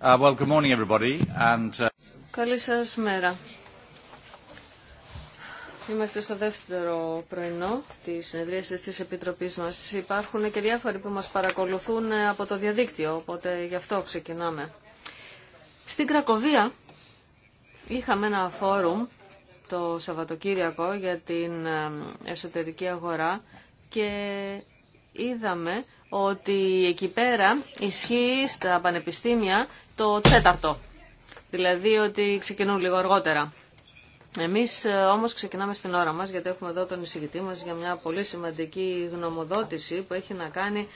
Uh, well, uh, Καλή μέρα. Είμαστε στο δεύτερο πρωινό της συνεδρίασης της Επιτροπής μας. Υπάρχουν και διάφοροι που μας παρακολουθούν ε, από το διαδίκτυο, οπότε γι' αυτό ξεκινάμε. Στην Κρακοβία είχαμε ένα φόρουμ το Σαββατοκύριακο για την ε, εσωτερική αγορά και είδαμε ότι εκεί πέρα ισχύει στα πανεπιστήμια το τέταρτο. Δηλαδή ότι ξεκινούν λίγο αργότερα. Εμείς ε, όμως ξεκινάμε στην ώρα μας γιατί έχουμε εδώ τον εισηγητή μας για μια πολύ σημαντική γνωμοδότηση που έχει να κάνει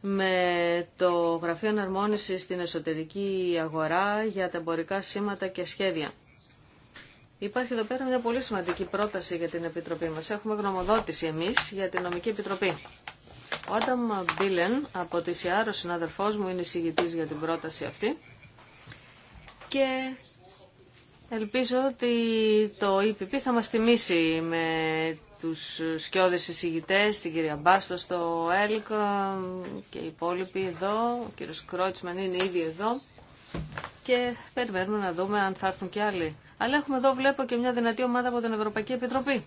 με το Γραφείο Εναρμόνισης στην εσωτερική αγορά για τα εμπορικά σήματα και σχέδια. Υπάρχει εδώ πέρα μια πολύ σημαντική πρόταση για την Επιτροπή μας. Έχουμε γνωμοδότηση εμείς για την Νομική Επιτροπή. Ο Άνταμ Μπίλεν από τη ΣΥΑΡ, ο συναδελφός μου, είναι εισηγητής για την πρόταση αυτή και ελπίζω ότι το ΕΠΠ θα μας τιμήσει με τους σκιώδες εισηγητές, την κυρία Μπάστο στο ΕΛΚ και οι υπόλοιποι εδώ, ο κύριος Κρότσμαν είναι ήδη εδώ και περιμένουμε να δούμε αν θα έρθουν και άλλοι. Αλλά έχουμε εδώ βλέπω και μια δυνατή ομάδα από την Ευρωπαϊκή Επιτροπή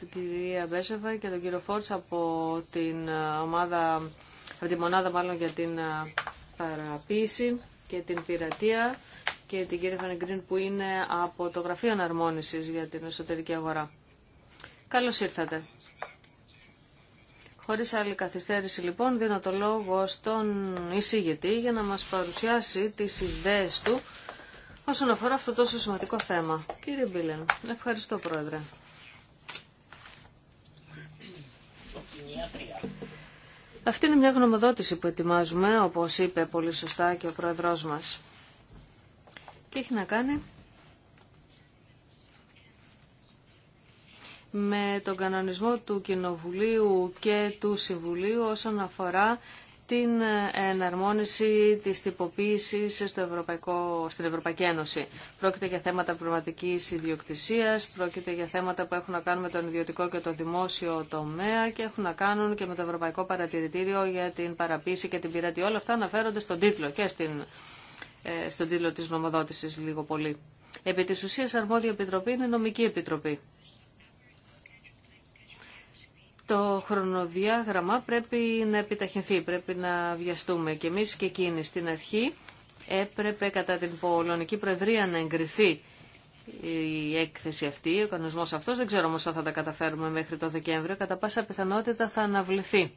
την κυρία Μπέσεβα και τον κύριο Φόρτς από την ε, ομάδα, από τη μονάδα μάλλον για την ε, παραποίηση και την πειρατεία και την κυρία Φανεγκρίν που είναι από το Γραφείο Αναρμόνησης για την εσωτερική αγορά. Καλώς ήρθατε. Χωρίς άλλη καθυστέρηση λοιπόν δίνω το λόγο στον εισηγητή για να μας παρουσιάσει τις ιδέες του όσον αφορά αυτό το τόσο σημαντικό θέμα. Κύριε Μπίλεν, ευχαριστώ πρόεδρε. Αυτή είναι μια γνωμοδότηση που ετοιμάζουμε, όπως είπε πολύ σωστά και ο Πρόεδρός μας. Και έχει να κάνει με τον κανονισμό του Κοινοβουλίου και του Συμβουλίου όσον αφορά την εναρμόνιση της τυποποίησης στο Ευρωπαϊκό, στην Ευρωπαϊκή Ένωση. Πρόκειται για θέματα πνευματικής ιδιοκτησίας, πρόκειται για θέματα που έχουν να κάνουν με τον ιδιωτικό και το δημόσιο τομέα και έχουν να κάνουν και με το Ευρωπαϊκό Παρατηρητήριο για την παραποίηση και την πειρατή. Όλα αυτά αναφέρονται στον τίτλο και στην, ε, στον τίτλο της νομοδότησης λίγο πολύ. Επί της ουσίας αρμόδια επιτροπή είναι νομική επιτροπή το χρονοδιάγραμμα πρέπει να επιταχυνθεί, πρέπει να βιαστούμε. Και εμείς και εκείνοι στην αρχή έπρεπε κατά την Πολωνική Προεδρία να εγκριθεί η έκθεση αυτή, ο κανονισμός αυτός. Δεν ξέρω όμως αν θα τα καταφέρουμε μέχρι το Δεκέμβριο. Κατά πάσα πιθανότητα θα αναβληθεί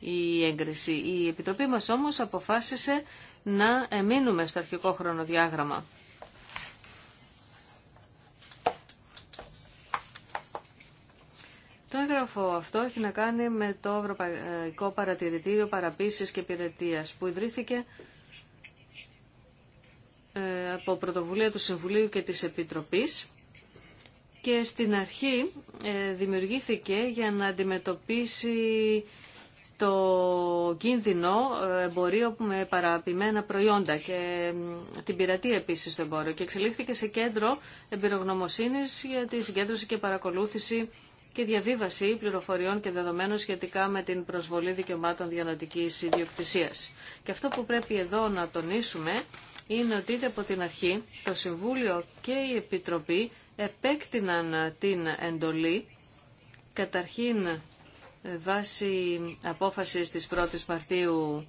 η έγκριση. Η Επιτροπή μας όμως αποφάσισε να μείνουμε στο αρχικό χρονοδιάγραμμα. Το έγγραφο αυτό έχει να κάνει με το Ευρωπαϊκό Παρατηρητήριο Παραπίσης και Πειρατείας που ιδρύθηκε ε, από πρωτοβουλία του Συμβουλίου και της Επιτροπής και στην αρχή ε, δημιουργήθηκε για να αντιμετωπίσει το κίνδυνο ε, εμπορίο με παραπημένα προϊόντα και την πειρατεία επίσης στο εμπόριο και εξελίχθηκε σε κέντρο εμπειρογνωμοσύνης για τη συγκέντρωση και παρακολούθηση και διαβίβαση πληροφοριών και δεδομένων σχετικά με την προσβολή δικαιωμάτων διανοητικής ιδιοκτησίας. Και αυτό που πρέπει εδώ να τονίσουμε είναι ότι είτε από την αρχή το Συμβούλιο και η Επιτροπή επέκτηναν την εντολή καταρχήν βάσει απόφασης της 1ης Μαρτίου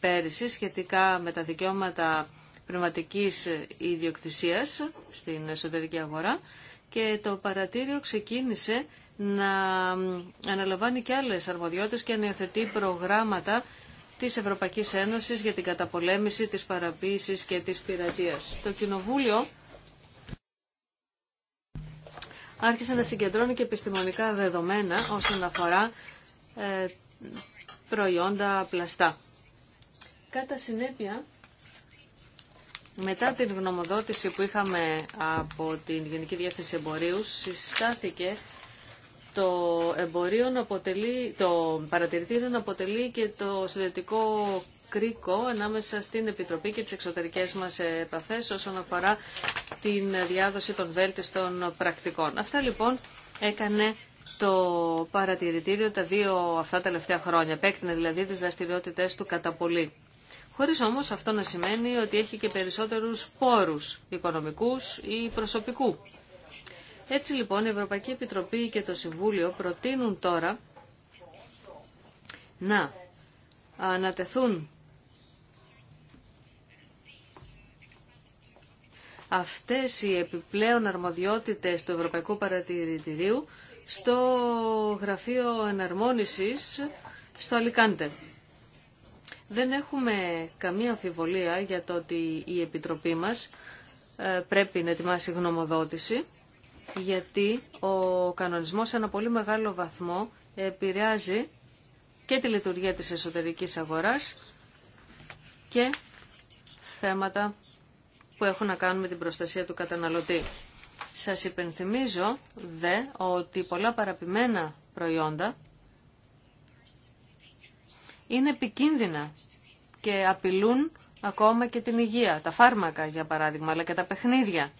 πέρυσι σχετικά με τα δικαιώματα πνευματικής ιδιοκτησίας στην εσωτερική αγορά και το παρατήριο ξεκίνησε να αναλαμβάνει και άλλες αρμοδιότητες και να υιοθετεί προγράμματα της Ευρωπαϊκής Ένωσης για την καταπολέμηση της παραποίησης και της πειρατείας. Το Κοινοβούλιο άρχισε να συγκεντρώνει και επιστημονικά δεδομένα όσον αφορά ε, προϊόντα πλαστά. Κατά συνέπεια, μετά την γνωμοδότηση που είχαμε από την Γενική Διεύθυνση Εμπορίου, συστάθηκε το εμπορίο αποτελεί, το παρατηρητήριο να αποτελεί και το συνδετικό κρίκο ανάμεσα στην Επιτροπή και τις εξωτερικές μας επαφές όσον αφορά την διάδοση των βέλτιστων πρακτικών. Αυτά λοιπόν έκανε το παρατηρητήριο τα δύο αυτά τα τελευταία χρόνια. Επέκτηνε δηλαδή τις δραστηριότητε του κατά πολύ. Χωρίς όμως αυτό να σημαίνει ότι έχει και περισσότερους πόρους οικονομικούς ή προσωπικού έτσι λοιπόν η Ευρωπαϊκή Επιτροπή και το Συμβούλιο προτείνουν τώρα να ανατεθούν αυτές οι επιπλέον αρμοδιότητες του Ευρωπαϊκού Παρατηρητηρίου στο Γραφείο Εναρμόνισης στο Αλικάντε. Δεν έχουμε καμία αμφιβολία για το ότι η Επιτροπή μας ε, πρέπει να ετοιμάσει γνωμοδότηση γιατί ο κανονισμός σε ένα πολύ μεγάλο βαθμό επηρεάζει και τη λειτουργία της εσωτερικής αγοράς και θέματα που έχουν να κάνουν με την προστασία του καταναλωτή. Σας υπενθυμίζω δε ότι πολλά παραπημένα προϊόντα είναι επικίνδυνα και απειλούν ακόμα και την υγεία. Τα φάρμακα για παράδειγμα, αλλά και τα παιχνίδια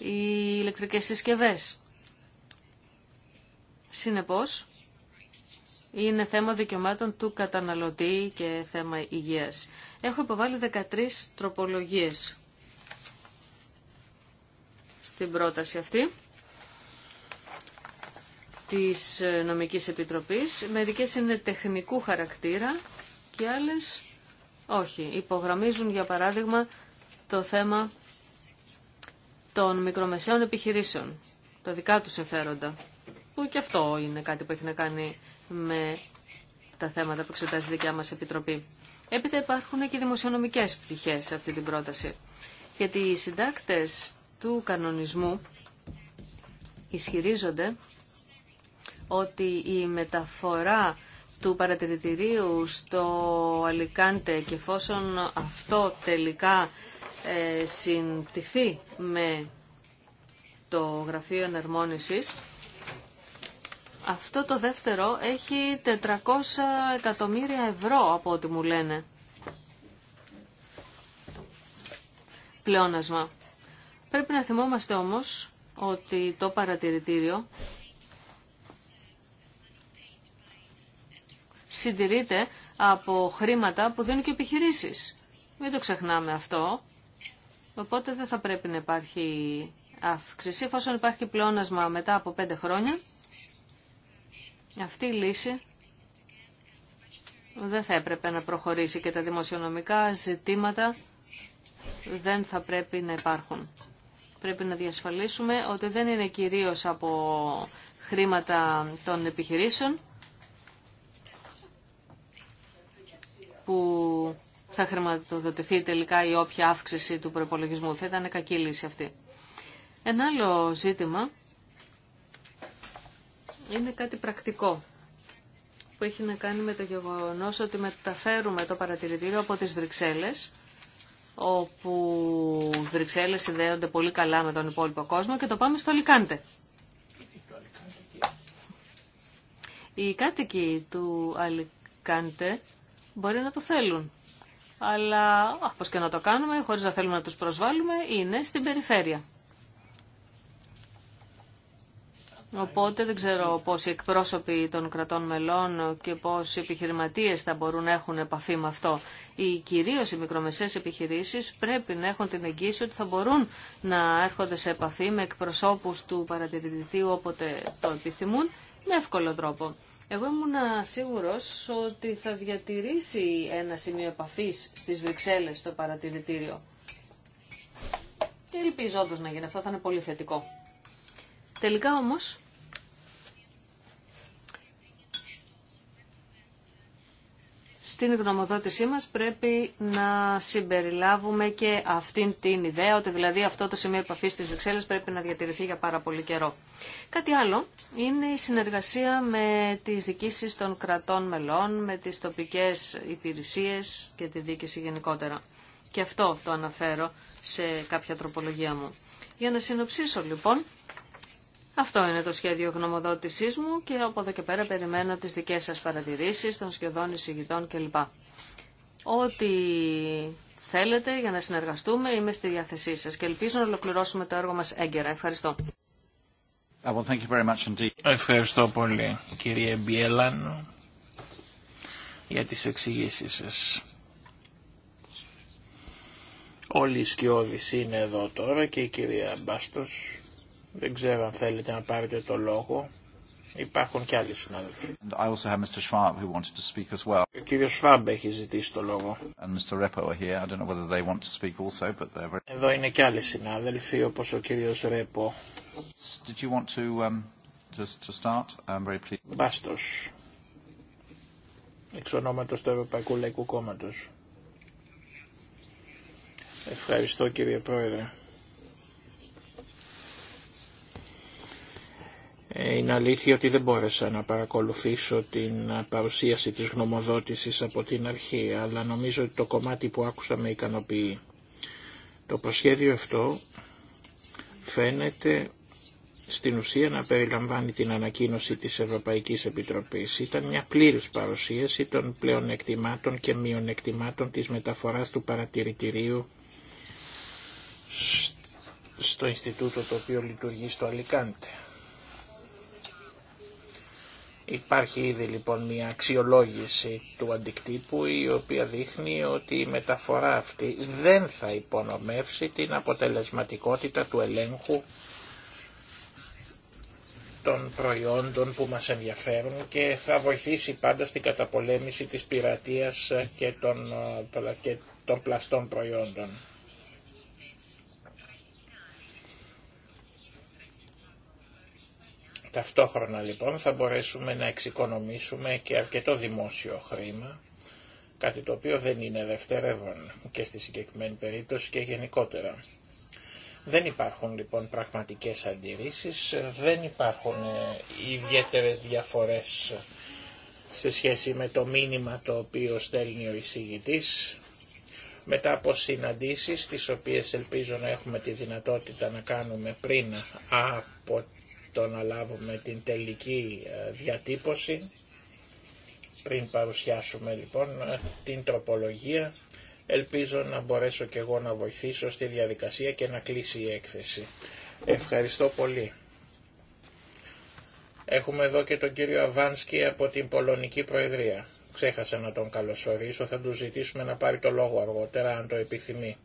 οι ηλεκτρικές συσκευές. Συνεπώς, είναι θέμα δικαιωμάτων του καταναλωτή και θέμα υγείας. Έχω υποβάλει 13 τροπολογίες στην πρόταση αυτή της Νομικής Επιτροπής. Μερικές είναι τεχνικού χαρακτήρα και άλλες όχι. Υπογραμμίζουν για παράδειγμα το θέμα των μικρομεσαίων επιχειρήσεων, τα δικά τους συμφέροντα, που και αυτό είναι κάτι που έχει να κάνει με τα θέματα που εξετάζει η δικιά μας Επιτροπή. Έπειτα υπάρχουν και δημοσιονομικές πτυχές σε αυτή την πρόταση. Γιατί οι συντάκτες του κανονισμού ισχυρίζονται ότι η μεταφορά του παρατηρητηρίου στο Αλικάντε και εφόσον αυτό τελικά ε, με το Γραφείο Ενερμόνησης, αυτό το δεύτερο έχει 400 εκατομμύρια ευρώ από ό,τι μου λένε. Πλεόνασμα. Πρέπει να θυμόμαστε όμως ότι το παρατηρητήριο συντηρείται από χρήματα που δίνουν και επιχειρήσεις. Μην το ξεχνάμε αυτό. Οπότε δεν θα πρέπει να υπάρχει αύξηση, εφόσον υπάρχει πλεόνασμα μετά από πέντε χρόνια. Αυτή η λύση δεν θα έπρεπε να προχωρήσει και τα δημοσιονομικά ζητήματα δεν θα πρέπει να υπάρχουν. Πρέπει να διασφαλίσουμε ότι δεν είναι κυρίως από χρήματα των επιχειρήσεων που θα χρηματοδοτηθεί τελικά η όποια αύξηση του προπολογισμού. Θα ήταν κακή λύση αυτή. Ένα άλλο ζήτημα είναι κάτι πρακτικό που έχει να κάνει με το γεγονός ότι μεταφέρουμε το παρατηρητήριο από τις Βρυξέλλες όπου οι Βρυξέλλες συνδέονται πολύ καλά με τον υπόλοιπο κόσμο και το πάμε στο Λικάντε. Οι κάτοικοι του Αλικάντε μπορεί να το θέλουν αλλά όπως και να το κάνουμε, χωρίς να θέλουμε να τους προσβάλλουμε, είναι στην περιφέρεια. Οπότε δεν ξέρω πώς οι εκπρόσωποι των κρατών μελών και πώς οι επιχειρηματίες θα μπορούν να έχουν επαφή με αυτό. Οι κυρίως οι μικρομεσαίες επιχειρήσεις πρέπει να έχουν την εγγύηση ότι θα μπορούν να έρχονται σε επαφή με εκπροσώπους του παρατηρητητή, όποτε το επιθυμούν με εύκολο τρόπο. Εγώ ήμουν σίγουρο ότι θα διατηρήσει ένα σημείο επαφή στις Βρυξέλλες το παρατηρητήριο. Και ελπίζω όντω να γίνει αυτό, θα είναι πολύ θετικό. Τελικά όμως, στην γνωμοδότησή μας πρέπει να συμπεριλάβουμε και αυτήν την ιδέα, ότι δηλαδή αυτό το σημείο επαφή της Βρυξέλλες πρέπει να διατηρηθεί για πάρα πολύ καιρό. Κάτι άλλο είναι η συνεργασία με τις δικήσεις των κρατών μελών, με τις τοπικές υπηρεσίες και τη δίκηση γενικότερα. Και αυτό το αναφέρω σε κάποια τροπολογία μου. Για να συνοψίσω λοιπόν, αυτό είναι το σχέδιο γνωμοδότησή μου και από εδώ και πέρα περιμένω τις δικές σας παρατηρήσεις των σχεδόν εισηγητών κλπ. Ό,τι θέλετε για να συνεργαστούμε είμαι στη διάθεσή σας και ελπίζω να ολοκληρώσουμε το έργο μας έγκαιρα. Ευχαριστώ. Uh, Ευχαριστώ πολύ κύριε Μπιέλαν για τις εξηγήσει σας. Όλοι οι σκιώδεις είναι εδώ τώρα και η κυρία Μπάστος. Δεν ξέρω αν θέλετε να πάρετε το λόγο. Υπάρχουν και άλλοι συνάδελφοι. And I also have Mr. Schwab who wanted to speak as well. Ο κύριος Schwab έχει ζητήσει το λόγο. And Mr. Repo are here. I don't know whether they want to speak also, but they're very... Εδώ είναι και άλλοι συνάδελφοι, όπως ο κύριος Repo. Did you want to um, just to start? I'm very pleased. Μπάστος. Εξ ονόματος του Ευρωπαϊκού Λαϊκού Κόμματος. Ευχαριστώ κύριε Πρόεδρε. Ε, είναι αλήθεια ότι δεν μπόρεσα να παρακολουθήσω την ε, παρουσίαση της γνωμοδότησης από την αρχή, αλλά νομίζω ότι το κομμάτι που άκουσα με ικανοποιεί. Το προσχέδιο αυτό φαίνεται στην ουσία να περιλαμβάνει την ανακοίνωση της Ευρωπαϊκής Επιτροπής. Ήταν μια πλήρης παρουσίαση των πλέον εκτιμάτων και μειονεκτημάτων της μεταφοράς του παρατηρητηρίου στο Ινστιτούτο το οποίο λειτουργεί στο Αλικάντε. Υπάρχει ήδη λοιπόν μια αξιολόγηση του αντικτύπου η οποία δείχνει ότι η μεταφορά αυτή δεν θα υπονομεύσει την αποτελεσματικότητα του ελέγχου των προϊόντων που μας ενδιαφέρουν και θα βοηθήσει πάντα στην καταπολέμηση της πειρατείας και των, ε, και των πλαστών προϊόντων. Ταυτόχρονα λοιπόν θα μπορέσουμε να εξοικονομήσουμε και αρκετό δημόσιο χρήμα, κάτι το οποίο δεν είναι δευτερεύον και στη συγκεκριμένη περίπτωση και γενικότερα. Δεν υπάρχουν λοιπόν πραγματικές αντιρρήσεις, δεν υπάρχουν ε, ιδιαίτερες διαφορές σε σχέση με το μήνυμα το οποίο στέλνει ο εισηγητής. Μετά από συναντήσεις, τις οποίες ελπίζω να έχουμε τη δυνατότητα να κάνουμε πριν από το να λάβουμε την τελική ε, διατύπωση. Πριν παρουσιάσουμε λοιπόν ε, την τροπολογία, ελπίζω να μπορέσω και εγώ να βοηθήσω στη διαδικασία και να κλείσει η έκθεση. Ευχαριστώ πολύ. Έχουμε εδώ και τον κύριο Αβάνσκι από την Πολωνική Προεδρία. Ξέχασα να τον καλωσορίσω, θα του ζητήσουμε να πάρει το λόγο αργότερα αν το επιθυμεί.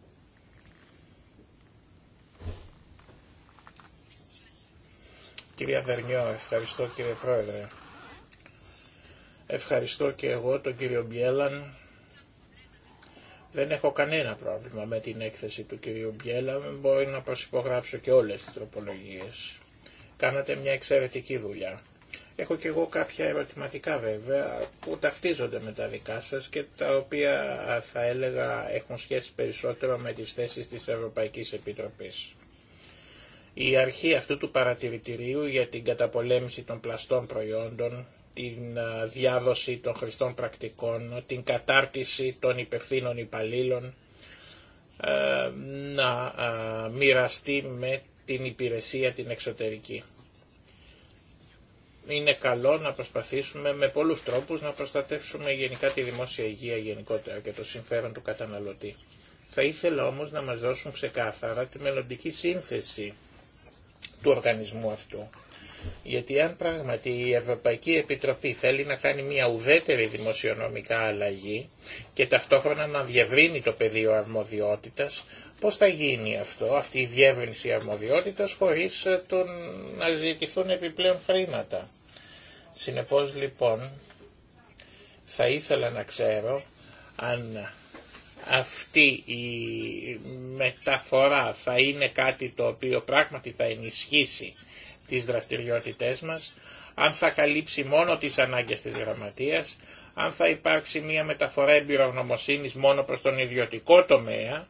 Κυρία Βερνιό, ευχαριστώ κύριε Πρόεδρε. Ευχαριστώ και εγώ τον κύριο Μπιέλαν. Δεν έχω κανένα πρόβλημα με την έκθεση του κυρίου Μπιέλαν. Μπορεί να προσυπογράψω και όλες τις τροπολογίες. Κάνατε μια εξαιρετική δουλειά. Έχω και εγώ κάποια ερωτηματικά βέβαια που ταυτίζονται με τα δικά σας και τα οποία θα έλεγα έχουν σχέση περισσότερο με τις θέσεις της Ευρωπαϊκής Επιτροπής. Η αρχή αυτού του παρατηρητηρίου για την καταπολέμηση των πλαστών προϊόντων, την διάδοση των χρηστών πρακτικών, την κατάρτιση των υπευθύνων υπαλλήλων, ε, να μοιραστεί με την υπηρεσία την εξωτερική. Είναι καλό να προσπαθήσουμε με πολλούς τρόπους να προστατεύσουμε γενικά τη δημόσια υγεία γενικότερα και το συμφέρον του καταναλωτή. Θα ήθελα όμως να μας δώσουν ξεκάθαρα τη μελλοντική σύνθεση του οργανισμού αυτού. Γιατί αν πράγματι η Ευρωπαϊκή Επιτροπή θέλει να κάνει μια ουδέτερη δημοσιονομικά αλλαγή και ταυτόχρονα να διευρύνει το πεδίο αρμοδιότητας, πώς θα γίνει αυτό, αυτή η διεύρυνση αρμοδιότητας χωρίς ε, τον να ζητηθούν επιπλέον χρήματα. Συνεπώς λοιπόν θα ήθελα να ξέρω αν αυτή η μεταφορά θα είναι κάτι το οποίο πράγματι θα ενισχύσει τις δραστηριότητές μας, αν θα καλύψει μόνο τις ανάγκες της γραμματείας, αν θα υπάρξει μια μεταφορά εμπειρογνωμοσύνης μόνο προς τον ιδιωτικό τομέα,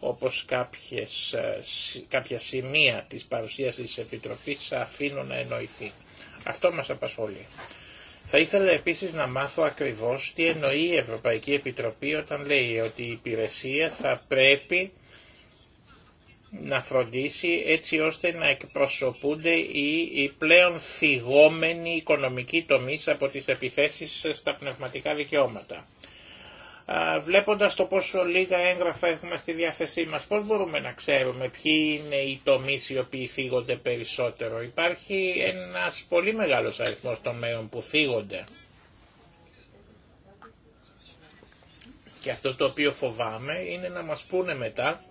όπως κάποιες, ε, κάποια σημεία της παρουσίας της Επιτροπής αφήνουν να εννοηθεί. Αυτό μας απασχολεί. Θα ήθελα επίσης να μάθω ακριβώς τι εννοεί η Ευρωπαϊκή Επιτροπή όταν λέει ότι η υπηρεσία θα πρέπει να φροντίσει έτσι ώστε να εκπροσωπούνται οι, πλέον θυγόμενοι οικονομικοί τομείς από τις επιθέσεις στα πνευματικά δικαιώματα βλέποντας το πόσο λίγα έγγραφα έχουμε στη διάθεσή μας, πώς μπορούμε να ξέρουμε ποιοι είναι οι τομείς οι οποίοι φύγονται περισσότερο. Υπάρχει ένας πολύ μεγάλος αριθμός τομέων που φύγονται. Και αυτό το οποίο φοβάμαι είναι να μας πούνε μετά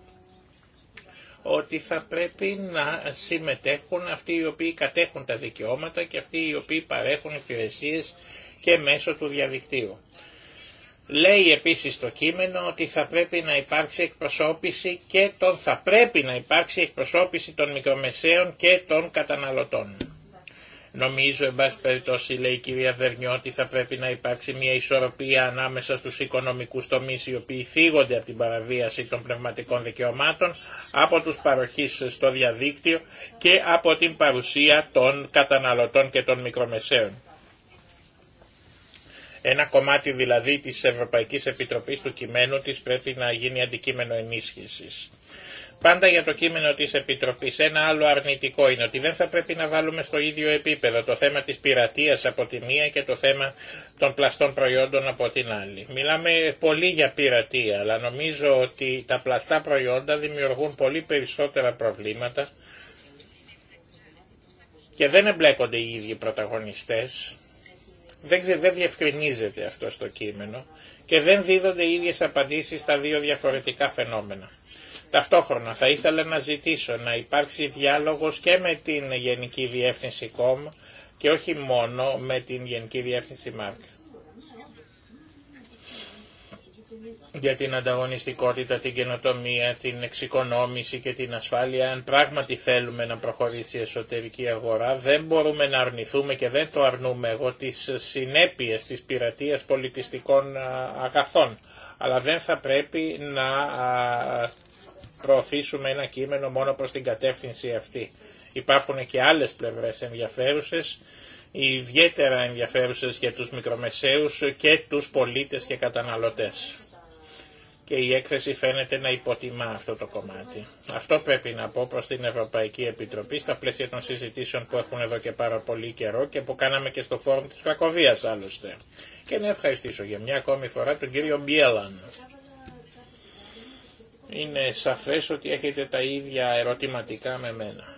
ότι θα πρέπει να συμμετέχουν αυτοί οι οποίοι κατέχουν τα δικαιώματα και αυτοί οι οποίοι παρέχουν υπηρεσίες και μέσω του διαδικτύου. Λέει επίσης το κείμενο ότι θα πρέπει να υπάρξει εκπροσώπηση και των, θα πρέπει να υπάρξει εκπροσώπηση των μικρομεσαίων και των καταναλωτών. Νομίζω, εν πάση περιπτώσει, λέει η κυρία Δερνιό, ότι θα πρέπει να υπάρξει μια ισορροπία ανάμεσα στους οικονομικούς τομείς οι οποίοι θίγονται από την παραβίαση των πνευματικών δικαιωμάτων, από τους παροχείς στο διαδίκτυο και από την παρουσία των καταναλωτών και των μικρομεσαίων. Ένα κομμάτι δηλαδή της Ευρωπαϊκής Επιτροπής του κειμένου της πρέπει να γίνει αντικείμενο ενίσχυσης. Πάντα για το κείμενο της Επιτροπής ένα άλλο αρνητικό είναι ότι δεν θα πρέπει να βάλουμε στο ίδιο επίπεδο το θέμα της πειρατείας από τη μία και το θέμα των πλαστών προϊόντων από την άλλη. Μιλάμε πολύ για πειρατεία, αλλά νομίζω ότι τα πλαστά προϊόντα δημιουργούν πολύ περισσότερα προβλήματα και δεν εμπλέκονται οι ίδιοι πρωταγωνιστές δεν, ξε, δεν διευκρινίζεται αυτό στο κείμενο και δεν δίδονται οι ίδιες απαντήσεις στα δύο διαφορετικά φαινόμενα. Ταυτόχρονα θα ήθελα να ζητήσω να υπάρξει διάλογος και με την Γενική Διεύθυνση ΚΟΜ και όχι μόνο με την Γενική Διεύθυνση ΜΑΡΚ για την ανταγωνιστικότητα, την καινοτομία, την εξοικονόμηση και την ασφάλεια. Αν πράγματι θέλουμε να προχωρήσει η εσωτερική αγορά, δεν μπορούμε να αρνηθούμε και δεν το αρνούμε εγώ τις συνέπειες της πειρατείας πολιτιστικών αγαθών. Αλλά δεν θα πρέπει να προωθήσουμε ένα κείμενο μόνο προς την κατεύθυνση αυτή. Υπάρχουν και άλλες πλευρές ενδιαφέρουσες ιδιαίτερα ενδιαφέρουσες για τους μικρομεσαίους και τους πολίτες και καταναλωτές και η έκθεση φαίνεται να υποτιμά αυτό το κομμάτι. Αυτό πρέπει να πω προς την Ευρωπαϊκή Επιτροπή στα πλαίσια των συζητήσεων που έχουν εδώ και πάρα πολύ καιρό και που κάναμε και στο φόρουμ της Κακοβίας άλλωστε. Και να ευχαριστήσω για μια ακόμη φορά τον κύριο Μπιέλαν. Είναι σαφές ότι έχετε τα ίδια ερωτηματικά με μένα.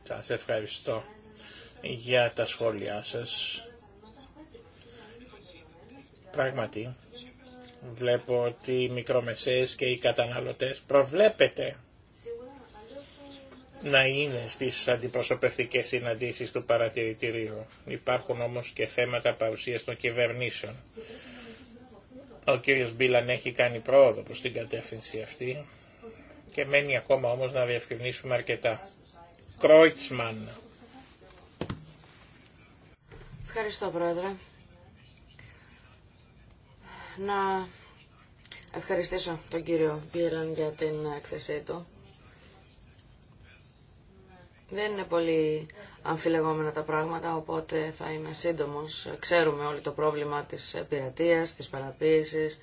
Σας ευχαριστώ για τα σχόλιά σας. Πράγματι, Βλέπω ότι οι μικρομεσαίες και οι καταναλωτές προβλέπεται να είναι στις αντιπροσωπευτικές συναντήσεις του παρατηρητηρίου. Υπάρχουν όμως και θέματα παρουσίας των κυβερνήσεων. Ο κύριος Μπίλαν έχει κάνει πρόοδο προς την κατεύθυνση αυτή και μένει ακόμα όμως να διευκρινίσουμε αρκετά. Κρόιτσμαν. Ευχαριστώ πρόεδρε να ευχαριστήσω τον κύριο Πίελαν για την έκθεσή του. Δεν είναι πολύ αμφιλεγόμενα τα πράγματα, οπότε θα είμαι σύντομος. Ξέρουμε όλοι το πρόβλημα της πειρατείας, της παραποίησης,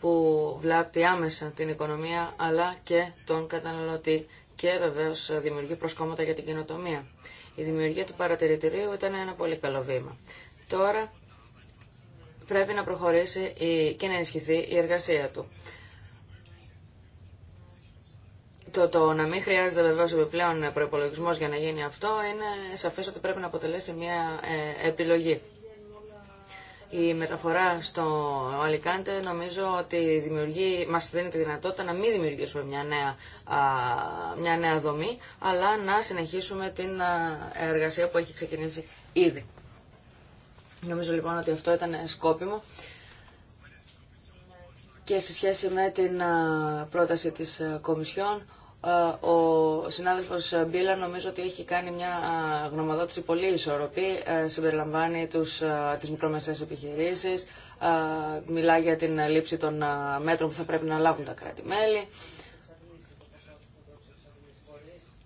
που βλάπτει άμεσα την οικονομία, αλλά και τον καταναλωτή και βεβαίως δημιουργεί προσκόμματα για την κοινοτομία. Η δημιουργία του παρατηρητηρίου ήταν ένα πολύ καλό βήμα. Τώρα πρέπει να προχωρήσει και να ενισχυθεί η εργασία του. Το, το να μην χρειάζεται βεβαίω επιπλέον προπολογισμό για να γίνει αυτό είναι σαφέ ότι πρέπει να αποτελέσει μια ε, επιλογή. Η μεταφορά στο Αλικάντε νομίζω ότι δημιουργεί, μας δίνει τη δυνατότητα να μην δημιουργήσουμε μια νέα, μια νέα δομή, αλλά να συνεχίσουμε την ε, εργασία που έχει ξεκινήσει ήδη. Νομίζω λοιπόν ότι αυτό ήταν σκόπιμο και σε σχέση με την πρόταση της Κομισιόν ο συνάδελφος Μπίλα νομίζω ότι έχει κάνει μια γνωμοδότηση πολύ ισορροπή, συμπεριλαμβάνει τους, τις μικρομεσαίες επιχειρήσεις, μιλά για την λήψη των μέτρων που θα πρέπει να λάβουν τα κράτη-μέλη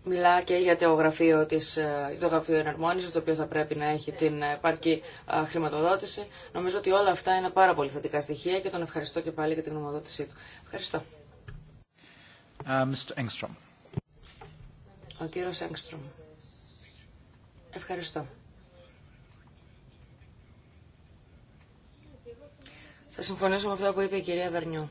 μιλά και για το γραφείο, της, ε, το γραφείο εναρμόνισης, το οποίο θα πρέπει να έχει την επαρκή ε, χρηματοδότηση. Νομίζω ότι όλα αυτά είναι πάρα πολύ θετικά στοιχεία και τον ευχαριστώ και πάλι για την γνωμοδότησή του. Ευχαριστώ. Ε, Mr. Ο κύριος Έγκστρομ. Ευχαριστώ. Θα συμφωνήσω με αυτό που είπε η κυρία Βερνιού.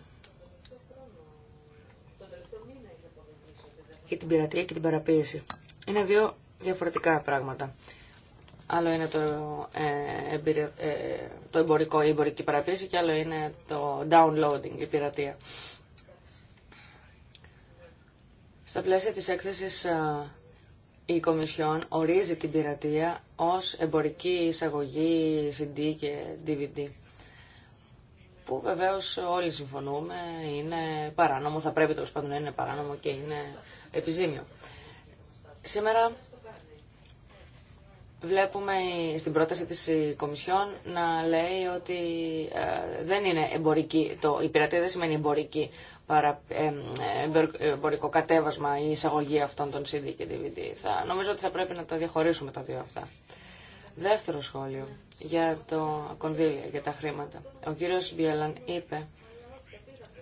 και την πειρατεία και την παραποίηση. Είναι δύο διαφορετικά πράγματα. Άλλο είναι το, ε, ε, το εμπορικό, η εμπορική παραποίηση και άλλο είναι το downloading, η πειρατεία. Στα πλαίσια της έκθεσης ε, η Κομισιόν ορίζει την πειρατεία ως εμπορική εισαγωγή CD και DVD που βεβαίως όλοι συμφωνούμε είναι παράνομο, θα πρέπει τέλο πάντων να είναι παράνομο και είναι επιζήμιο. Σήμερα βλέπουμε στην πρόταση της Κομισιόν να λέει ότι ε, δεν είναι εμπορική, το, η πειρατεία δεν σημαίνει εμπορική, παρα, ε, εμπορικό κατέβασμα ή εισαγωγή αυτών των CD και DVD. Θα, νομίζω ότι θα πρέπει να τα διαχωρίσουμε τα δύο αυτά. Δεύτερο σχόλιο για το κονδύλιο, για τα χρήματα. Ο κύριος Μπιέλαν είπε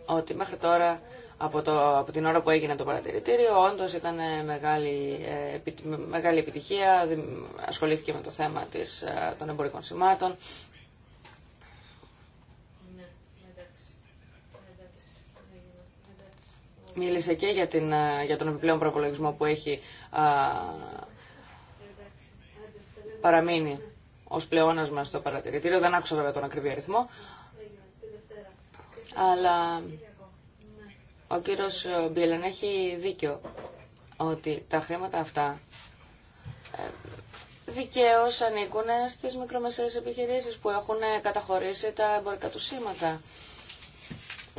ότι μέχρι τώρα από, το, από την ώρα που έγινε το παρατηρητήριο όντως ήταν ε, μεγάλη, ε, μεγάλη επιτυχία, ασχολήθηκε με το θέμα της, ε, των εμπορικών σημάτων. Μίλησε και για, την, για τον επιπλέον προπολογισμό που έχει παραμείνει ως πλεόνασμα στο παρατηρητήριο. Δεν άκουσα βέβαια τον ακριβή αριθμό. Αλλά ο κύριος Μπιελέν έχει δίκιο ότι τα χρήματα αυτά ε, δικαίω ανήκουν στι μικρομεσαίες επιχειρήσεις που έχουν ε, καταχωρήσει τα εμπορικά του σήματα.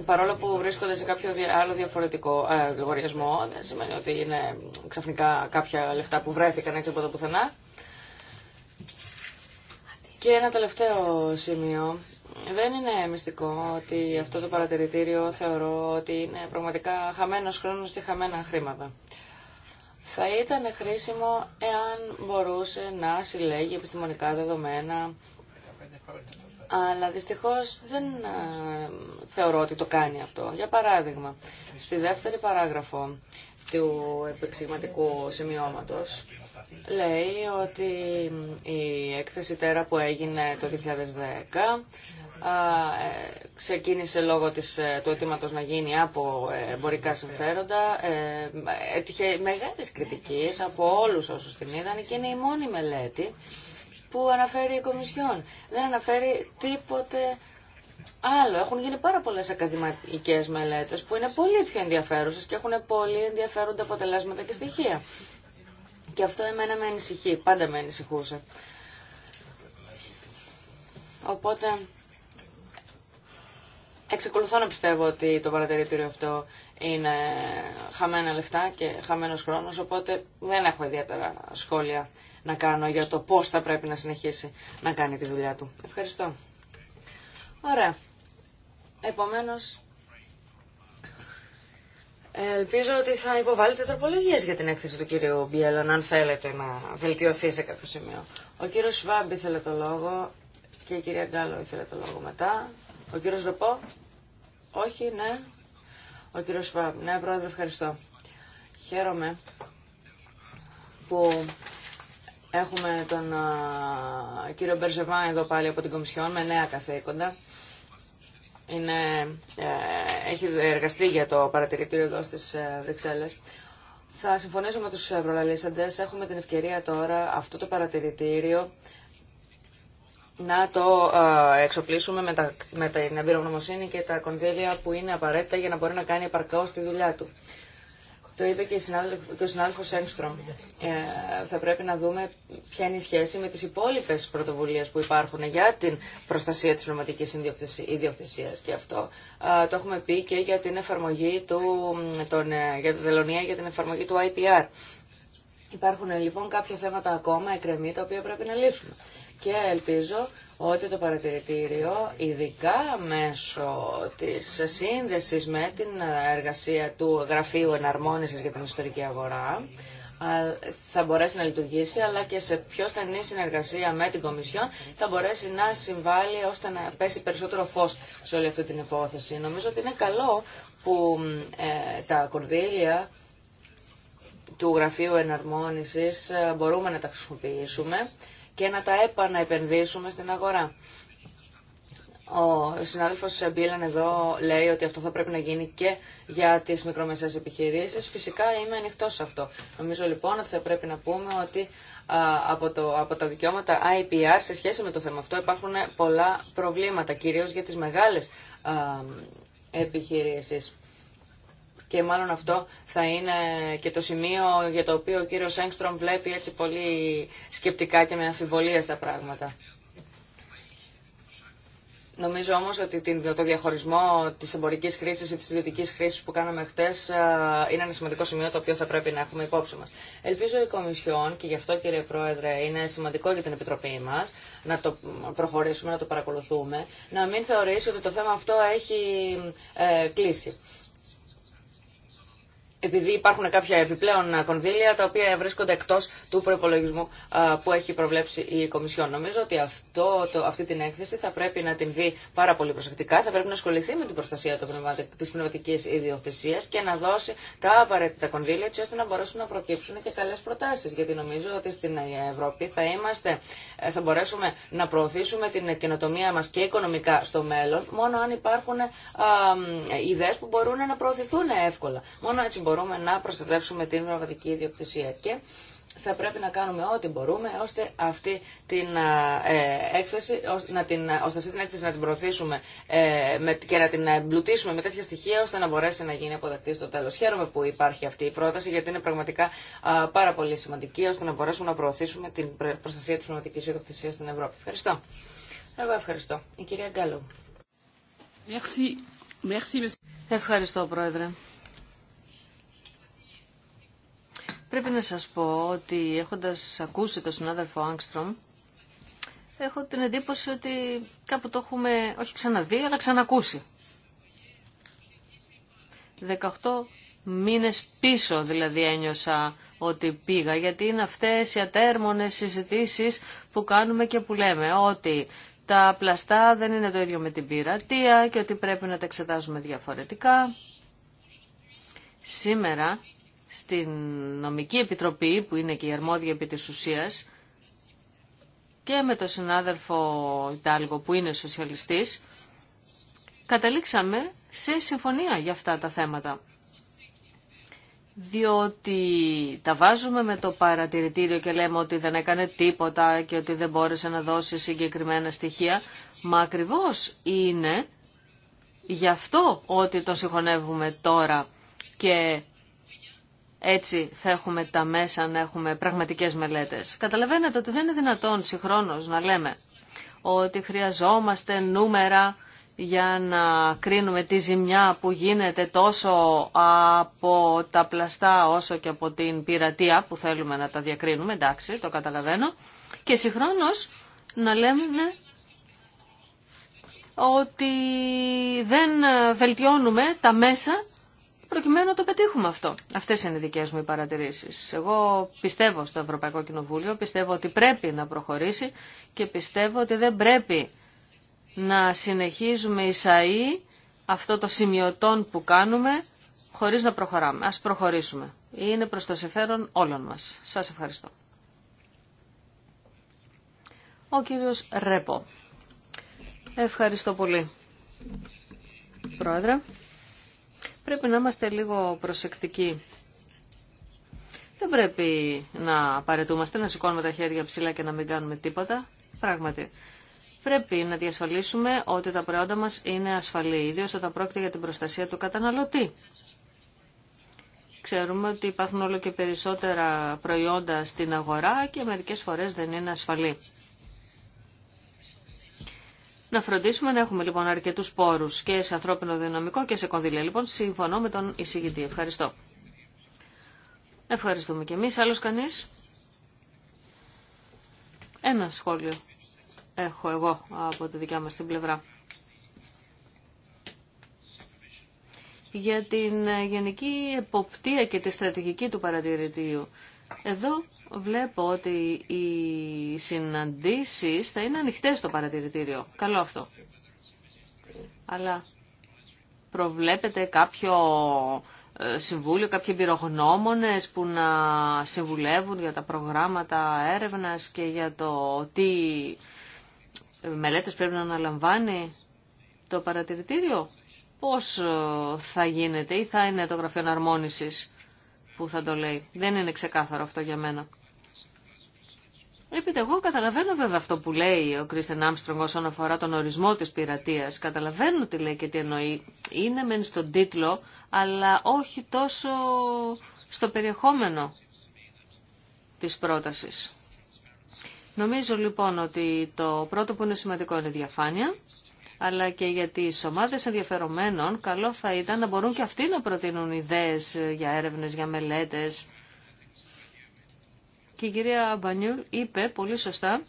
Παρόλο που βρίσκονται σε κάποιο άλλο διαφορετικό ε, λογαριασμό, δεν σημαίνει ότι είναι ξαφνικά κάποια λεφτά που βρέθηκαν έτσι από το πουθενά. Και ένα τελευταίο σημείο. Δεν είναι μυστικό ότι αυτό το παρατηρητήριο θεωρώ ότι είναι πραγματικά χαμένος χρόνος και χαμένα χρήματα. Θα ήταν χρήσιμο εάν μπορούσε να συλλέγει επιστημονικά δεδομένα, αλλά δυστυχώς δεν ε, θεωρώ ότι το κάνει αυτό. Για παράδειγμα, στη δεύτερη παράγραφο του επεξηγηματικού σημειώματος, λέει ότι η έκθεση τέρα που έγινε το 2010 ε, ξεκίνησε λόγω της, ε, του αιτήματο να γίνει από ε, εμπορικά συμφέροντα. έτυχε μεγάλες κριτικής από όλους όσους την είδαν και είναι η μόνη μελέτη που αναφέρει η Κομισιόν. Δεν αναφέρει τίποτε άλλο. Έχουν γίνει πάρα πολλές ακαδημαϊκές μελέτες που είναι πολύ πιο ενδιαφέρουσες και έχουν πολύ ενδιαφέροντα αποτελέσματα και στοιχεία. Και αυτό εμένα με ανησυχεί, πάντα με ανησυχούσε. Οπότε, εξεκολουθώ να πιστεύω ότι το παρατηρητήριο αυτό είναι χαμένα λεφτά και χαμένος χρόνος, οπότε δεν έχω ιδιαίτερα σχόλια να κάνω για το πώς θα πρέπει να συνεχίσει να κάνει τη δουλειά του. Ευχαριστώ. Ωραία. Επομένως, Ελπίζω ότι θα υποβάλλετε τροπολογίε για την έκθεση του κύριου Μπιέλλον, αν θέλετε να βελτιωθεί σε κάποιο σημείο. Ο κύριο Σβάμπ ήθελε το λόγο και η κυρία Γκάλο ήθελε το λόγο μετά. Ο κύριο Ροπό. Όχι, ναι. Ο κύριο Σβάμπ. Ναι, πρόεδρε, ευχαριστώ. Χαίρομαι που έχουμε τον κύριο Μπερζεβά εδώ πάλι από την Κομισιόν με νέα καθήκοντα είναι, ε, έχει εργαστεί για το παρατηρητήριο εδώ στις ε, Βρυξέλλες. Θα συμφωνήσω με τους ε, προλαλήσαντες. Έχουμε την ευκαιρία τώρα αυτό το παρατηρητήριο να το εξοπλίσουμε με, τα, με την εμπειρογνωμοσύνη και τα κονδύλια που είναι απαραίτητα για να μπορεί να κάνει επαρκώς τη δουλειά του. Το είπε και, ο συνάδελφος Έγκστρομ. Ε, θα πρέπει να δούμε ποια είναι η σχέση με τις υπόλοιπε πρωτοβουλίες που υπάρχουν για την προστασία της πνευματική ιδιοκτησία Και αυτό το έχουμε πει και για την εφαρμογή του, τον, ε, για την δελωνία για την εφαρμογή του IPR. Υπάρχουν λοιπόν κάποια θέματα ακόμα εκκρεμή τα οποία πρέπει να λύσουμε. Και ελπίζω ότι το παρατηρητήριο, ειδικά μέσω της σύνδεσης με την εργασία του Γραφείου Εναρμόνισης για την Ιστορική Αγορά, θα μπορέσει να λειτουργήσει, αλλά και σε πιο στενή συνεργασία με την Κομισιόν θα μπορέσει να συμβάλλει ώστε να πέσει περισσότερο φως σε όλη αυτή την υπόθεση. Νομίζω ότι είναι καλό που ε, τα κορδίλια του Γραφείου Εναρμόνισης ε, μπορούμε να τα χρησιμοποιήσουμε και να τα επαναεπενδύσουμε στην αγορά. Ο συνάδελφος Μπίλεν εδώ λέει ότι αυτό θα πρέπει να γίνει και για τις μικρομεσαίες επιχειρήσεις. Φυσικά είμαι ανοιχτό σε αυτό. Νομίζω λοιπόν ότι θα πρέπει να πούμε ότι από, από τα δικαιώματα IPR σε σχέση με το θέμα αυτό υπάρχουν πολλά προβλήματα, κυρίως για τις μεγάλες επιχειρήσεις και μάλλον αυτό θα είναι και το σημείο για το οποίο ο κύριος Έγκστρομ βλέπει έτσι πολύ σκεπτικά και με αμφιβολία στα πράγματα. Νομίζω όμως ότι το διαχωρισμό της εμπορικής χρήσης ή της ιδιωτικής χρήσης που κάναμε χτες είναι ένα σημαντικό σημείο το οποίο θα πρέπει να έχουμε υπόψη μας. Ελπίζω η Κομισιόν, και γι' αυτό κύριε Πρόεδρε είναι σημαντικό για την Επιτροπή μας, να το προχωρήσουμε, να το παρακολουθούμε, να μην θεωρήσει ότι το θέμα αυτό έχει ε, κλείσει επειδή υπάρχουν κάποια επιπλέον κονδύλια τα οποία βρίσκονται εκτός του προπολογισμού που έχει προβλέψει η Κομισιόν. Νομίζω ότι αυτό, το, αυτή την έκθεση θα πρέπει να την δει πάρα πολύ προσεκτικά, θα πρέπει να ασχοληθεί με την προστασία της πνευματικής ιδιοκτησίας και να δώσει τα απαραίτητα κονδύλια έτσι ώστε να μπορέσουν να προκύψουν και καλές προτάσεις. Γιατί νομίζω ότι στην Ευρώπη θα, είμαστε, ε, θα μπορέσουμε να προωθήσουμε την καινοτομία μας και οικονομικά στο μέλλον, μόνο αν υπάρχουν ιδέε που μπορούν να προωθηθούν εύκολα. Μόνο έτσι μπορούμε να προστατεύσουμε την πραγματική ιδιοκτησία. Και θα πρέπει να κάνουμε ό,τι μπορούμε ώστε αυτή την ε, έκθεση, ώστε, να την, ώστε αυτή την έκθεση να την προωθήσουμε ε, με, και να την εμπλουτίσουμε με τέτοια στοιχεία ώστε να μπορέσει να γίνει αποδεκτή στο τέλο. Χαίρομαι που υπάρχει αυτή η πρόταση γιατί είναι πραγματικά α, πάρα πολύ σημαντική ώστε να μπορέσουμε να προωθήσουμε την προστασία της πνευματικής ιδιοκτησίας στην Ευρώπη. Ευχαριστώ. Εγώ ευχαριστώ. Η κυρία Γκάλου. Ευχαριστώ, Πρόεδρε. Πρέπει να σας πω ότι έχοντας ακούσει τον συνάδελφο Άγκστρομ, έχω την εντύπωση ότι κάπου το έχουμε όχι ξαναδεί, αλλά ξανακούσει. 18 μήνες πίσω δηλαδή ένιωσα ότι πήγα, γιατί είναι αυτές οι ατέρμονες συζητήσεις που κάνουμε και που λέμε ότι τα πλαστά δεν είναι το ίδιο με την πειρατεία και ότι πρέπει να τα εξετάζουμε διαφορετικά. Σήμερα στην νομική επιτροπή που είναι και η αρμόδια επί της ουσίας και με τον συνάδελφο Ιτάλγο που είναι σοσιαλιστής καταλήξαμε σε συμφωνία για αυτά τα θέματα διότι τα βάζουμε με το παρατηρητήριο και λέμε ότι δεν έκανε τίποτα και ότι δεν μπόρεσε να δώσει συγκεκριμένα στοιχεία. Μα ακριβώς είναι γι' αυτό ότι τον συγχωνεύουμε τώρα και έτσι θα έχουμε τα μέσα να έχουμε πραγματικές μελέτες. Καταλαβαίνετε ότι δεν είναι δυνατόν συγχρόνως να λέμε ότι χρειαζόμαστε νούμερα για να κρίνουμε τη ζημιά που γίνεται τόσο από τα πλαστά όσο και από την πειρατεία που θέλουμε να τα διακρίνουμε, εντάξει, το καταλαβαίνω, και συγχρόνως να λέμε ναι, ότι δεν βελτιώνουμε τα μέσα προκειμένου να το πετύχουμε αυτό. Αυτές είναι οι δικές μου οι παρατηρήσεις. Εγώ πιστεύω στο Ευρωπαϊκό Κοινοβούλιο, πιστεύω ότι πρέπει να προχωρήσει και πιστεύω ότι δεν πρέπει να συνεχίζουμε ισαΐ αυτό το σημειωτόν που κάνουμε χωρίς να προχωράμε. Ας προχωρήσουμε. Είναι προς το συμφέρον όλων μας. Σας ευχαριστώ. Ο κύριος Ρέπο. Ευχαριστώ πολύ. Πρόεδρε πρέπει να είμαστε λίγο προσεκτικοί. Δεν πρέπει να παρετούμαστε, να σηκώνουμε τα χέρια ψηλά και να μην κάνουμε τίποτα. Πράγματι. Πρέπει να διασφαλίσουμε ότι τα προϊόντα μας είναι ασφαλή, ιδίως όταν πρόκειται για την προστασία του καταναλωτή. Ξέρουμε ότι υπάρχουν όλο και περισσότερα προϊόντα στην αγορά και μερικές φορές δεν είναι ασφαλή. Να φροντίσουμε να έχουμε λοιπόν αρκετού πόρου και σε ανθρώπινο δυναμικό και σε κονδύλια. Λοιπόν, συμφωνώ με τον εισηγητή. Ευχαριστώ. Ευχαριστούμε και εμεί. Άλλο κανεί. Ένα σχόλιο έχω εγώ από τη δικιά μας την πλευρά. Για την γενική εποπτεία και τη στρατηγική του παρατηρητήριου. Εδώ βλέπω ότι οι συναντήσεις θα είναι ανοιχτές στο παρατηρητήριο. Καλό αυτό. Αλλά προβλέπετε κάποιο ε, συμβούλιο, κάποιοι εμπειρογνώμονες που να συμβουλεύουν για τα προγράμματα έρευνας και για το τι μελέτες πρέπει να αναλαμβάνει το παρατηρητήριο. Πώς ε, θα γίνεται ή θα είναι το γραφείο αναρμόνησης που θα το λέει. Δεν είναι ξεκάθαρο αυτό για μένα. Έπειτα εγώ καταλαβαίνω βέβαια αυτό που λέει ο Κρίστεν Άμστρομ όσον αφορά τον ορισμό της πειρατεία. Καταλαβαίνω τι λέει και τι εννοεί. Είναι μεν στον τίτλο, αλλά όχι τόσο στο περιεχόμενο της πρότασης. Νομίζω λοιπόν ότι το πρώτο που είναι σημαντικό είναι η διαφάνεια αλλά και για τις ομάδες ενδιαφερομένων, καλό θα ήταν να μπορούν και αυτοί να προτείνουν ιδέες για έρευνες, για μελέτες. Και η κυρία Μπανιούλ είπε πολύ σωστά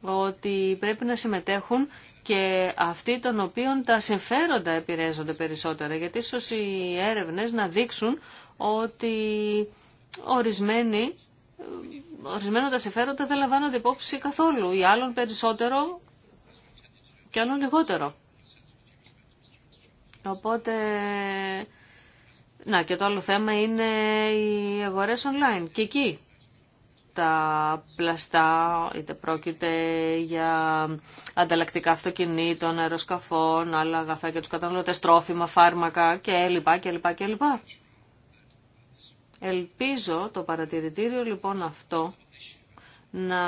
ότι πρέπει να συμμετέχουν και αυτοί των οποίων τα συμφέροντα επηρέαζονται περισσότερα, γιατί ίσως οι έρευνες να δείξουν ότι ορισμένοι, ορισμένο τα συμφέροντα δεν λαμβάνονται υπόψη καθόλου, οι άλλων περισσότερο και άλλο λιγότερο. Οπότε, να και το άλλο θέμα είναι οι αγορές online και εκεί τα πλαστά, είτε πρόκειται για ανταλλακτικά αυτοκινήτων, αεροσκαφών, άλλα αγαθά και τους καταναλωτές, τρόφιμα, φάρμακα και και και Ελπίζω το παρατηρητήριο λοιπόν αυτό να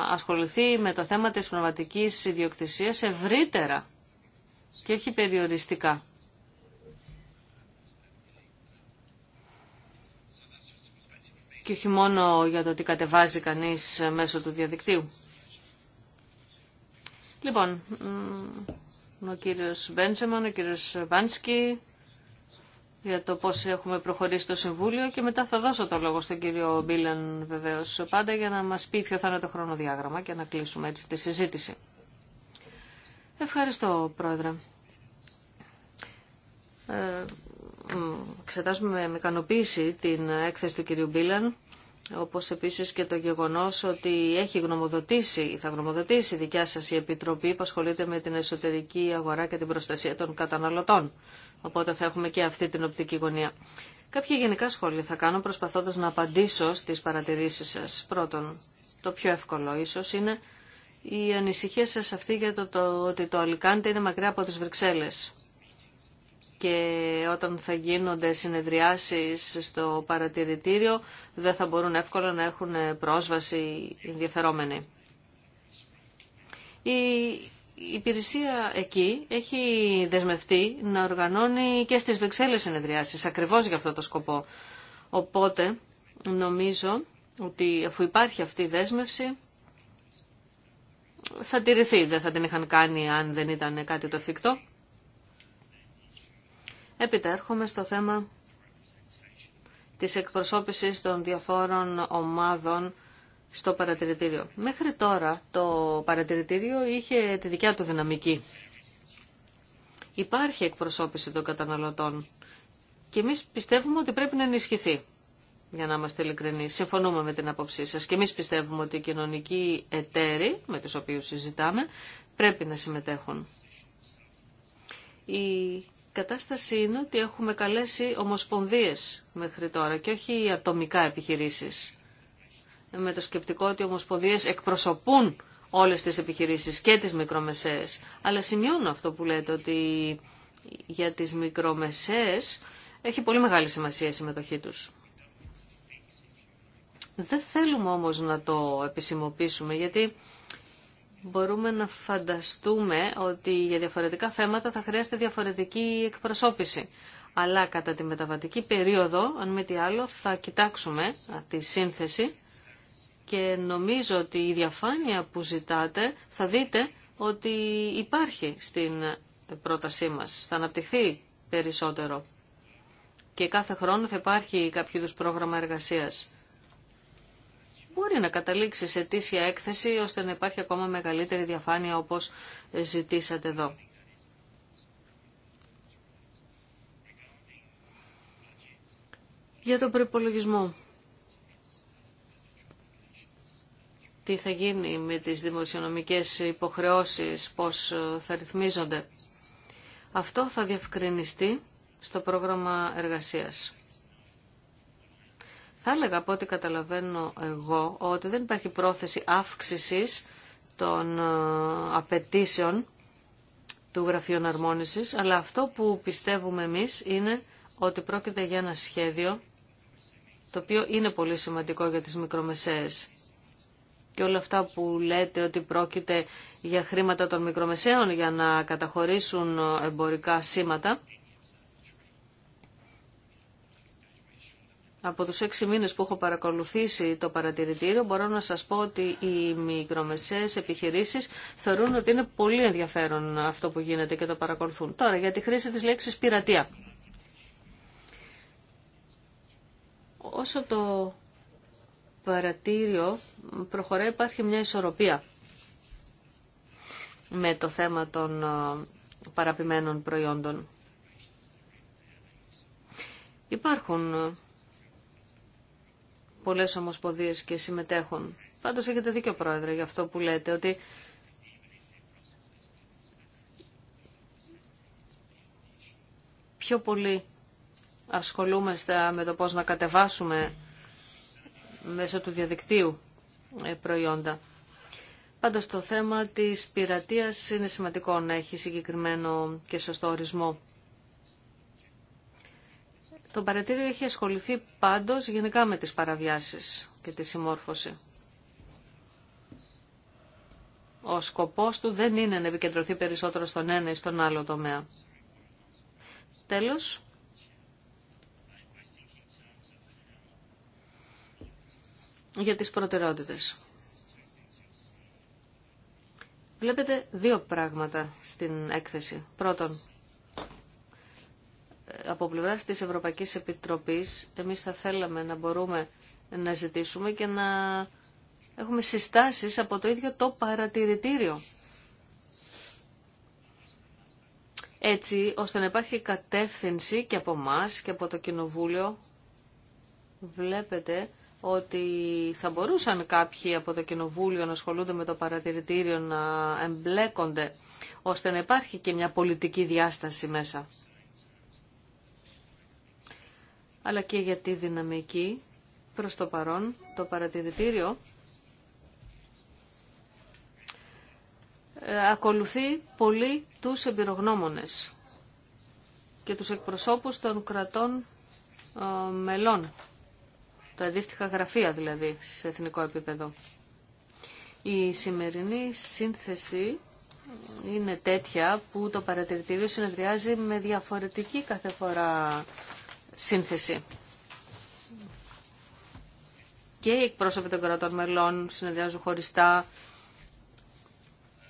ασχοληθεί με το θέμα της πνευματικής ιδιοκτησίας ευρύτερα και όχι περιοριστικά. Και όχι μόνο για το τι κατεβάζει κανείς μέσω του διαδικτύου. Λοιπόν, ο κύριος Μπέντσεμον, ο κύριος Βάνσκι, για το πώς έχουμε προχωρήσει το Συμβούλιο και μετά θα δώσω το λόγο στον κύριο Μπίλαν βεβαίως πάντα για να μας πει ποιο θα είναι το χρονοδιάγραμμα και να κλείσουμε έτσι τη συζήτηση. Ευχαριστώ Πρόεδρε. Ε, εξετάζουμε με ικανοποίηση την έκθεση του κυρίου Μπίλαν όπως επίσης και το γεγονός ότι έχει γνωμοδοτήσει, θα γνωμοδοτήσει η δικιά σας η Επιτροπή που ασχολείται με την εσωτερική αγορά και την προστασία των καταναλωτών. Οπότε θα έχουμε και αυτή την οπτική γωνία. Κάποια γενικά σχόλια θα κάνω προσπαθώντας να απαντήσω στις παρατηρήσεις σας. Πρώτον, το πιο εύκολο ίσως είναι η ανησυχία σας αυτή για το, ότι το Αλικάντε είναι μακριά από τις Βρυξέλλες και όταν θα γίνονται συνεδριάσεις στο παρατηρητήριο δεν θα μπορούν εύκολα να έχουν πρόσβαση ενδιαφερόμενοι. Η υπηρεσία εκεί έχει δεσμευτεί να οργανώνει και στις Βεξέλλες συνεδριάσεις, ακριβώς για αυτό το σκοπό. Οπότε νομίζω ότι αφού υπάρχει αυτή η δέσμευση θα τηρηθεί, δεν θα την είχαν κάνει αν δεν ήταν κάτι το εφικτό. Έπειτα έρχομαι στο θέμα της εκπροσώπησης των διαφόρων ομάδων στο παρατηρητήριο. Μέχρι τώρα το παρατηρητήριο είχε τη δικιά του δυναμική. Υπάρχει εκπροσώπηση των καταναλωτών και εμείς πιστεύουμε ότι πρέπει να ενισχυθεί. Για να είμαστε ειλικρινεί, συμφωνούμε με την άποψή σα και εμεί πιστεύουμε ότι οι κοινωνικοί εταίροι με του οποίου συζητάμε πρέπει να συμμετέχουν κατάσταση είναι ότι έχουμε καλέσει ομοσπονδίες μέχρι τώρα και όχι ατομικά επιχειρήσεις. Με το σκεπτικό ότι οι ομοσπονδίες εκπροσωπούν όλες τις επιχειρήσεις και τις μικρομεσαίες. Αλλά σημειώνω αυτό που λέτε ότι για τις μικρομεσαίες έχει πολύ μεγάλη σημασία η συμμετοχή τους. Δεν θέλουμε όμως να το επισημοποιήσουμε γιατί μπορούμε να φανταστούμε ότι για διαφορετικά θέματα θα χρειάζεται διαφορετική εκπροσώπηση. Αλλά κατά τη μεταβατική περίοδο, αν με τι άλλο, θα κοιτάξουμε τη σύνθεση και νομίζω ότι η διαφάνεια που ζητάτε θα δείτε ότι υπάρχει στην πρότασή μας. Θα αναπτυχθεί περισσότερο και κάθε χρόνο θα υπάρχει κάποιο πρόγραμμα εργασίας μπορεί να καταλήξει σε αιτήσια έκθεση ώστε να υπάρχει ακόμα μεγαλύτερη διαφάνεια όπως ζητήσατε εδώ. Για τον προπολογισμό. Τι θα γίνει με τις δημοσιονομικές υποχρεώσεις, πώς θα ρυθμίζονται. Αυτό θα διευκρινιστεί στο πρόγραμμα εργασίας. Θα έλεγα από ό,τι καταλαβαίνω εγώ ότι δεν υπάρχει πρόθεση αύξησης των ε, απαιτήσεων του Γραφείου Αναρμόνησης, αλλά αυτό που πιστεύουμε εμείς είναι ότι πρόκειται για ένα σχέδιο το οποίο είναι πολύ σημαντικό για τις μικρομεσαίες. Και όλα αυτά που λέτε ότι πρόκειται για χρήματα των μικρομεσαίων για να καταχωρήσουν εμπορικά σήματα, Από τους έξι μήνες που έχω παρακολουθήσει το παρατηρητήριο μπορώ να σας πω ότι οι μικρομεσαίες επιχειρήσεις θεωρούν ότι είναι πολύ ενδιαφέρον αυτό που γίνεται και το παρακολουθούν. Τώρα για τη χρήση της λέξης πειρατεία. Όσο το παρατήριο προχωράει υπάρχει μια ισορροπία με το θέμα των παραπημένων προϊόντων. Υπάρχουν πολλές ομοσπονδίες και συμμετέχουν. Πάντως έχετε δίκιο πρόεδρε για αυτό που λέτε, ότι πιο πολύ ασχολούμαστε με το πώς να κατεβάσουμε μέσω του διαδικτύου ε, προϊόντα. Πάντως το θέμα της πειρατείας είναι σημαντικό να έχει συγκεκριμένο και σωστό ορισμό. Το παρατήριο έχει ασχοληθεί πάντως γενικά με τις παραβιάσεις και τη συμμόρφωση. Ο σκοπός του δεν είναι να επικεντρωθεί περισσότερο στον ένα ή στον άλλο τομέα. Τέλος, για τις προτεραιότητες. Βλέπετε δύο πράγματα στην έκθεση. Πρώτον, από πλευράς της Ευρωπαϊκής Επιτροπής εμείς θα θέλαμε να μπορούμε να ζητήσουμε και να έχουμε συστάσεις από το ίδιο το παρατηρητήριο. Έτσι ώστε να υπάρχει κατεύθυνση και από εμά και από το Κοινοβούλιο. Βλέπετε ότι θα μπορούσαν κάποιοι από το Κοινοβούλιο να ασχολούνται με το παρατηρητήριο, να εμπλέκονται, ώστε να υπάρχει και μια πολιτική διάσταση μέσα αλλά και για τη δυναμική. Προς το παρόν, το παρατηρητήριο ε, ακολουθεί πολύ τους εμπειρογνώμονες και τους εκπροσώπους των κρατών ε, μελών, τα αντίστοιχα γραφεία δηλαδή σε εθνικό επίπεδο. Η σημερινή σύνθεση είναι τέτοια που το παρατηρητήριο συνεδριάζει με διαφορετική κάθε φορά σύνθεση. Και οι εκπρόσωποι των κρατών μελών συνεδριάζουν χωριστά,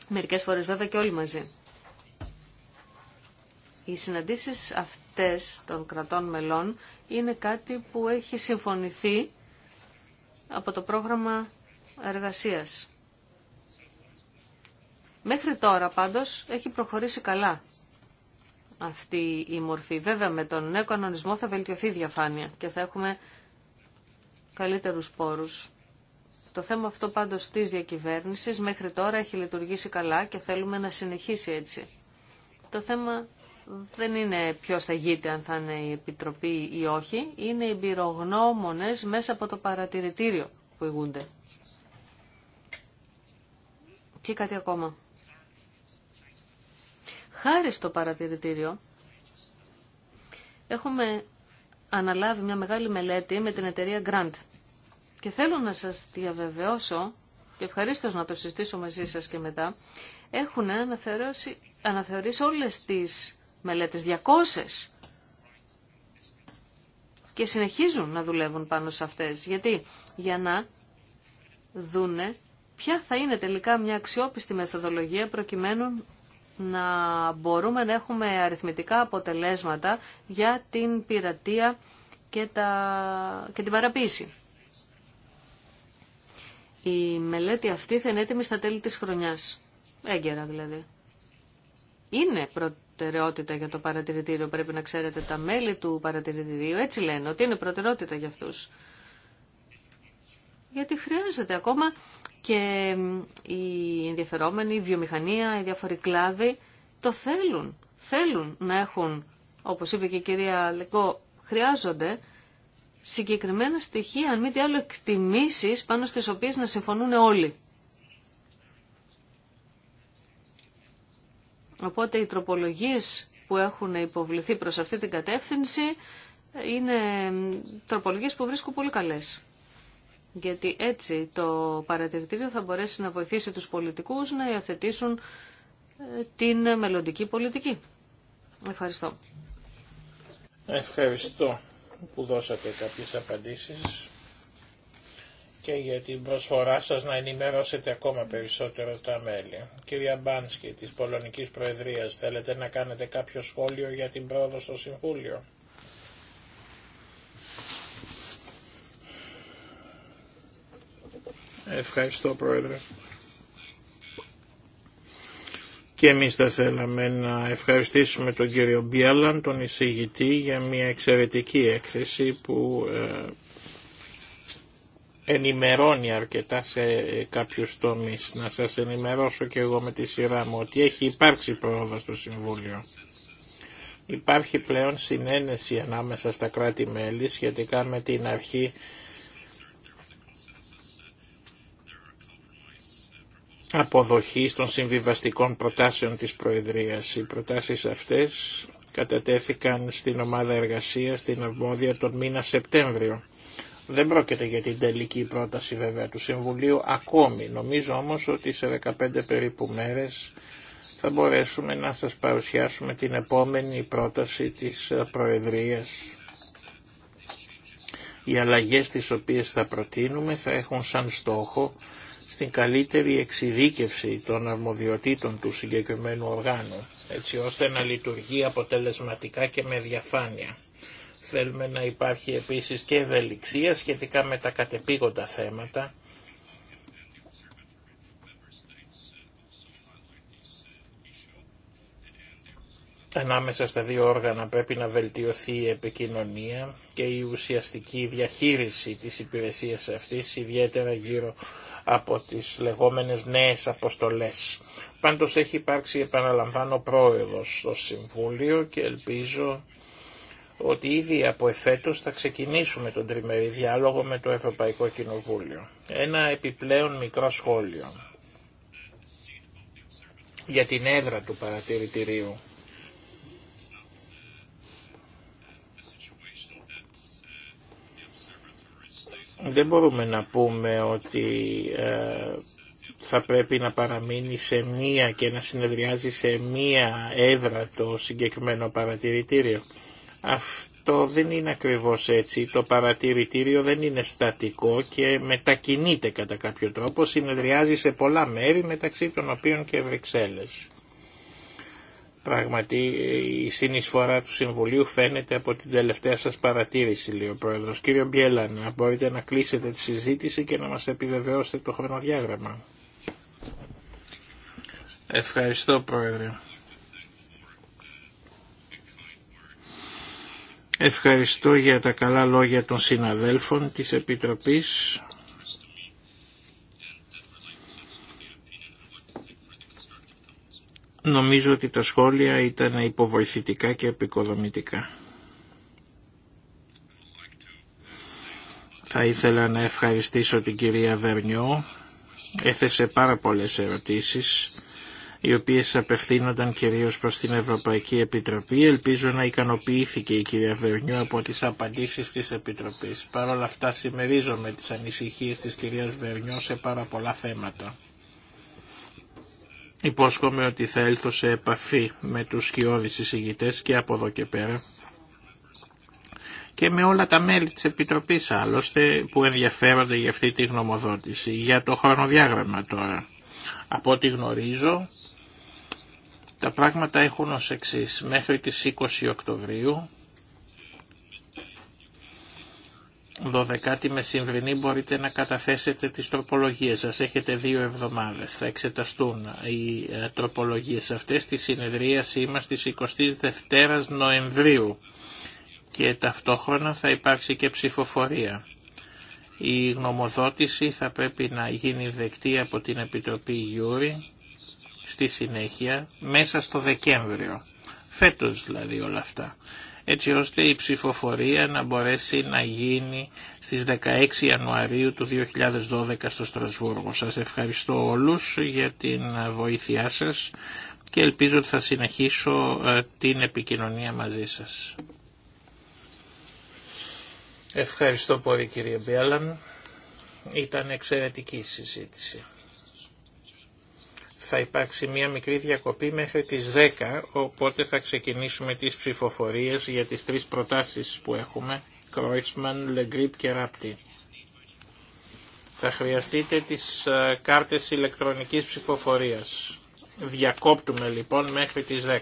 μερικές φορές βέβαια και όλοι μαζί. Οι συναντήσεις αυτές των κρατών μελών είναι κάτι που έχει συμφωνηθεί από το πρόγραμμα εργασίας. Μέχρι τώρα πάντως έχει προχωρήσει καλά αυτή η μορφή. Βέβαια με τον νέο κανονισμό θα βελτιωθεί η διαφάνεια και θα έχουμε καλύτερους πόρους. Το θέμα αυτό πάντως της διακυβέρνησης μέχρι τώρα έχει λειτουργήσει καλά και θέλουμε να συνεχίσει έτσι. Το θέμα δεν είναι ποιο θα γείται, αν θα είναι η Επιτροπή ή όχι. Είναι οι εμπειρογνώμονε μέσα από το παρατηρητήριο που ηγούνται. Και κάτι ακόμα. Χάρη στο παρατηρητήριο έχουμε αναλάβει μια μεγάλη μελέτη με την εταιρεία Grant και θέλω να σας διαβεβαιώσω και ευχαρίστω να το συστήσω μαζί σας και μετά έχουν αναθεωρήσει, αναθεωρήσει όλες τις μελέτες, 200 και συνεχίζουν να δουλεύουν πάνω σε αυτές. Γιατί? Για να δούνε ποια θα είναι τελικά μια αξιόπιστη μεθοδολογία προκειμένου να μπορούμε να έχουμε αριθμητικά αποτελέσματα για την πειρατεία και, και την παραποίηση. Η μελέτη αυτή θα είναι έτοιμη στα τέλη της χρονιάς. Έγκαιρα δηλαδή. Είναι προτεραιότητα για το παρατηρητήριο, πρέπει να ξέρετε τα μέλη του παρατηρητηρίου. Έτσι λένε ότι είναι προτεραιότητα για αυτούς γιατί χρειάζεται ακόμα και οι ενδιαφερόμενοι, η βιομηχανία, οι διάφοροι κλάδοι το θέλουν. Θέλουν να έχουν, όπως είπε και η κυρία Λεκό, χρειάζονται συγκεκριμένα στοιχεία, αν μη τι άλλο εκτιμήσεις πάνω στις οποίες να συμφωνούν όλοι. Οπότε οι τροπολογίες που έχουν υποβληθεί προς αυτή την κατεύθυνση είναι τροπολογίες που βρίσκω πολύ καλές γιατί έτσι το παρατηρητήριο θα μπορέσει να βοηθήσει τους πολιτικούς να υιοθετήσουν ε, την μελλοντική πολιτική. Ευχαριστώ. Ευχαριστώ που δώσατε κάποιες απαντήσεις και για την προσφορά σας να ενημερώσετε ακόμα περισσότερο τα μέλη. Κυρία Μπάνσκι της Πολωνικής Προεδρίας, θέλετε να κάνετε κάποιο σχόλιο για την πρόοδο στο Συμβούλιο. Ευχαριστώ Πρόεδρε. Και εμείς θα θέλαμε να ευχαριστήσουμε τον κύριο Μπιάλαν, τον εισηγητή, για μια εξαιρετική έκθεση που ε, ενημερώνει αρκετά σε κάποιους τομείς. Να σας ενημερώσω και εγώ με τη σειρά μου ότι έχει υπάρξει πρόοδο στο Συμβούλιο. Υπάρχει πλέον συνένεση ανάμεσα στα κράτη-μέλη σχετικά με την αρχή Αποδοχή των συμβιβαστικών προτάσεων της Προεδρίας. Οι προτάσεις αυτές κατατέθηκαν στην ομάδα εργασίας την Αυμόδια τον μήνα Σεπτέμβριο. Δεν πρόκειται για την τελική πρόταση βέβαια του Συμβουλίου ακόμη. Νομίζω όμως ότι σε 15 περίπου μέρες θα μπορέσουμε να σας παρουσιάσουμε την επόμενη πρόταση της Προεδρίας. Οι αλλαγές τις οποίες θα προτείνουμε θα έχουν σαν στόχο στην καλύτερη εξειδίκευση των αρμοδιοτήτων του συγκεκριμένου οργάνου, έτσι ώστε να λειτουργεί αποτελεσματικά και με διαφάνεια. Θέλουμε να υπάρχει επίσης και ευελιξία σχετικά με τα κατεπήγοντα θέματα, Ανάμεσα στα δύο όργανα πρέπει να βελτιωθεί η επικοινωνία και η ουσιαστική διαχείριση της υπηρεσίας αυτής, ιδιαίτερα γύρω από τις λεγόμενες νέες αποστολές. Πάντως έχει υπάρξει, επαναλαμβάνω, πρόεδρος στο Συμβούλιο και ελπίζω ότι ήδη από εφέτος θα ξεκινήσουμε τον τριμερή διάλογο με το Ευρωπαϊκό Κοινοβούλιο. Ένα επιπλέον μικρό σχόλιο για την έδρα του παρατηρητηρίου. Δεν μπορούμε να πούμε ότι ε, θα πρέπει να παραμείνει σε μία και να συνεδριάζει σε μία έδρα το συγκεκριμένο παρατηρητήριο. Αυτό δεν είναι ακριβώς έτσι. Το παρατηρητήριο δεν είναι στατικό και μετακινείται κατά κάποιο τρόπο. Συνεδριάζει σε πολλά μέρη μεταξύ των οποίων και Βρυξέλλες. Πραγματι η συνεισφορά του Συμβουλίου φαίνεται από την τελευταία σας παρατήρηση, λέει ο Πρόεδρος. Κύριο Μπιέλαν, μπορείτε να κλείσετε τη συζήτηση και να μας επιβεβαιώσετε το χρονοδιάγραμμα. Ευχαριστώ, Πρόεδρε. Ευχαριστώ για τα καλά λόγια των συναδέλφων της Επιτροπής. Νομίζω ότι τα σχόλια ήταν υποβοηθητικά και επικοδομητικά. Θα ήθελα να ευχαριστήσω την κυρία Βερνιό. Έθεσε πάρα πολλές ερωτήσεις, οι οποίες απευθύνονταν κυρίως προς την Ευρωπαϊκή Επιτροπή. Ελπίζω να ικανοποιήθηκε η κυρία Βερνιό από τις απαντήσεις της Επιτροπής. Παρ' όλα αυτά συμμερίζομαι τις ανησυχίες της κυρίας Βερνιό σε πάρα πολλά θέματα. Υπόσχομαι ότι θα έλθω σε επαφή με τους σκιώδεις εισηγητές και από εδώ και πέρα και με όλα τα μέλη της Επιτροπής άλλωστε που ενδιαφέρονται για αυτή τη γνωμοδότηση. Για το χρονοδιάγραμμα τώρα. Από ό,τι γνωρίζω τα πράγματα έχουν ως εξής. Μέχρι τις 20 Οκτωβρίου 12η μεσημβρινή μπορείτε να καταθέσετε τις τροπολογίες σας. Έχετε δύο εβδομάδες. Θα εξεταστούν οι ε, τροπολογίες αυτές στη συνεδρία μας της 22ης Νοεμβρίου και ταυτόχρονα θα υπάρξει και ψηφοφορία. Η γνωμοδότηση θα πρέπει να γίνει δεκτή από την Επιτροπή Γιούρη στη συνέχεια μέσα στο Δεκέμβριο. Φέτος δηλαδή όλα αυτά έτσι ώστε η ψηφοφορία να μπορέσει να γίνει στις 16 Ιανουαρίου του 2012 στο Στρασβούργο. Σας ευχαριστώ όλους για την βοήθειά σας και ελπίζω ότι θα συνεχίσω ε, την επικοινωνία μαζί σας. Ευχαριστώ πολύ κύριε Μπέλλαν. Ήταν εξαιρετική συζήτηση θα υπάρξει μια μικρή διακοπή μέχρι τις 10, οπότε θα ξεκινήσουμε τις ψηφοφορίες για τις τρεις προτάσεις που έχουμε, Κρόιτσμαν, Λεγκρίπ και Ράπτη. Θα χρειαστείτε τις ε, κάρτες ηλεκτρονικής ψηφοφορίας. Διακόπτουμε λοιπόν μέχρι τις 10.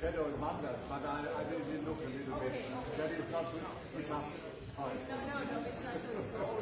shadow and Mandas, but I, I didn't look a little bit. That is not enough. No, no, it's not so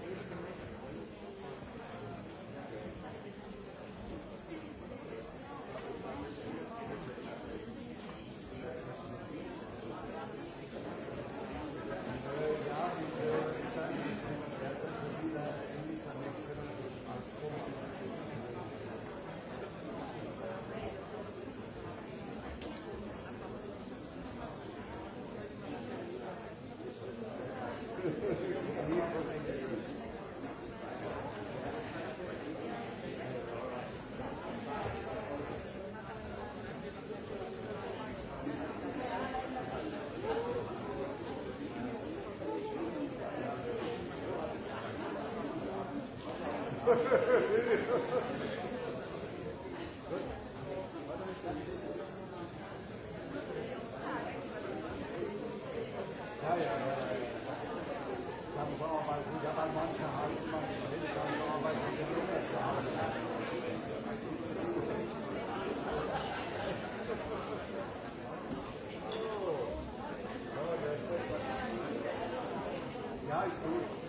Ja, you.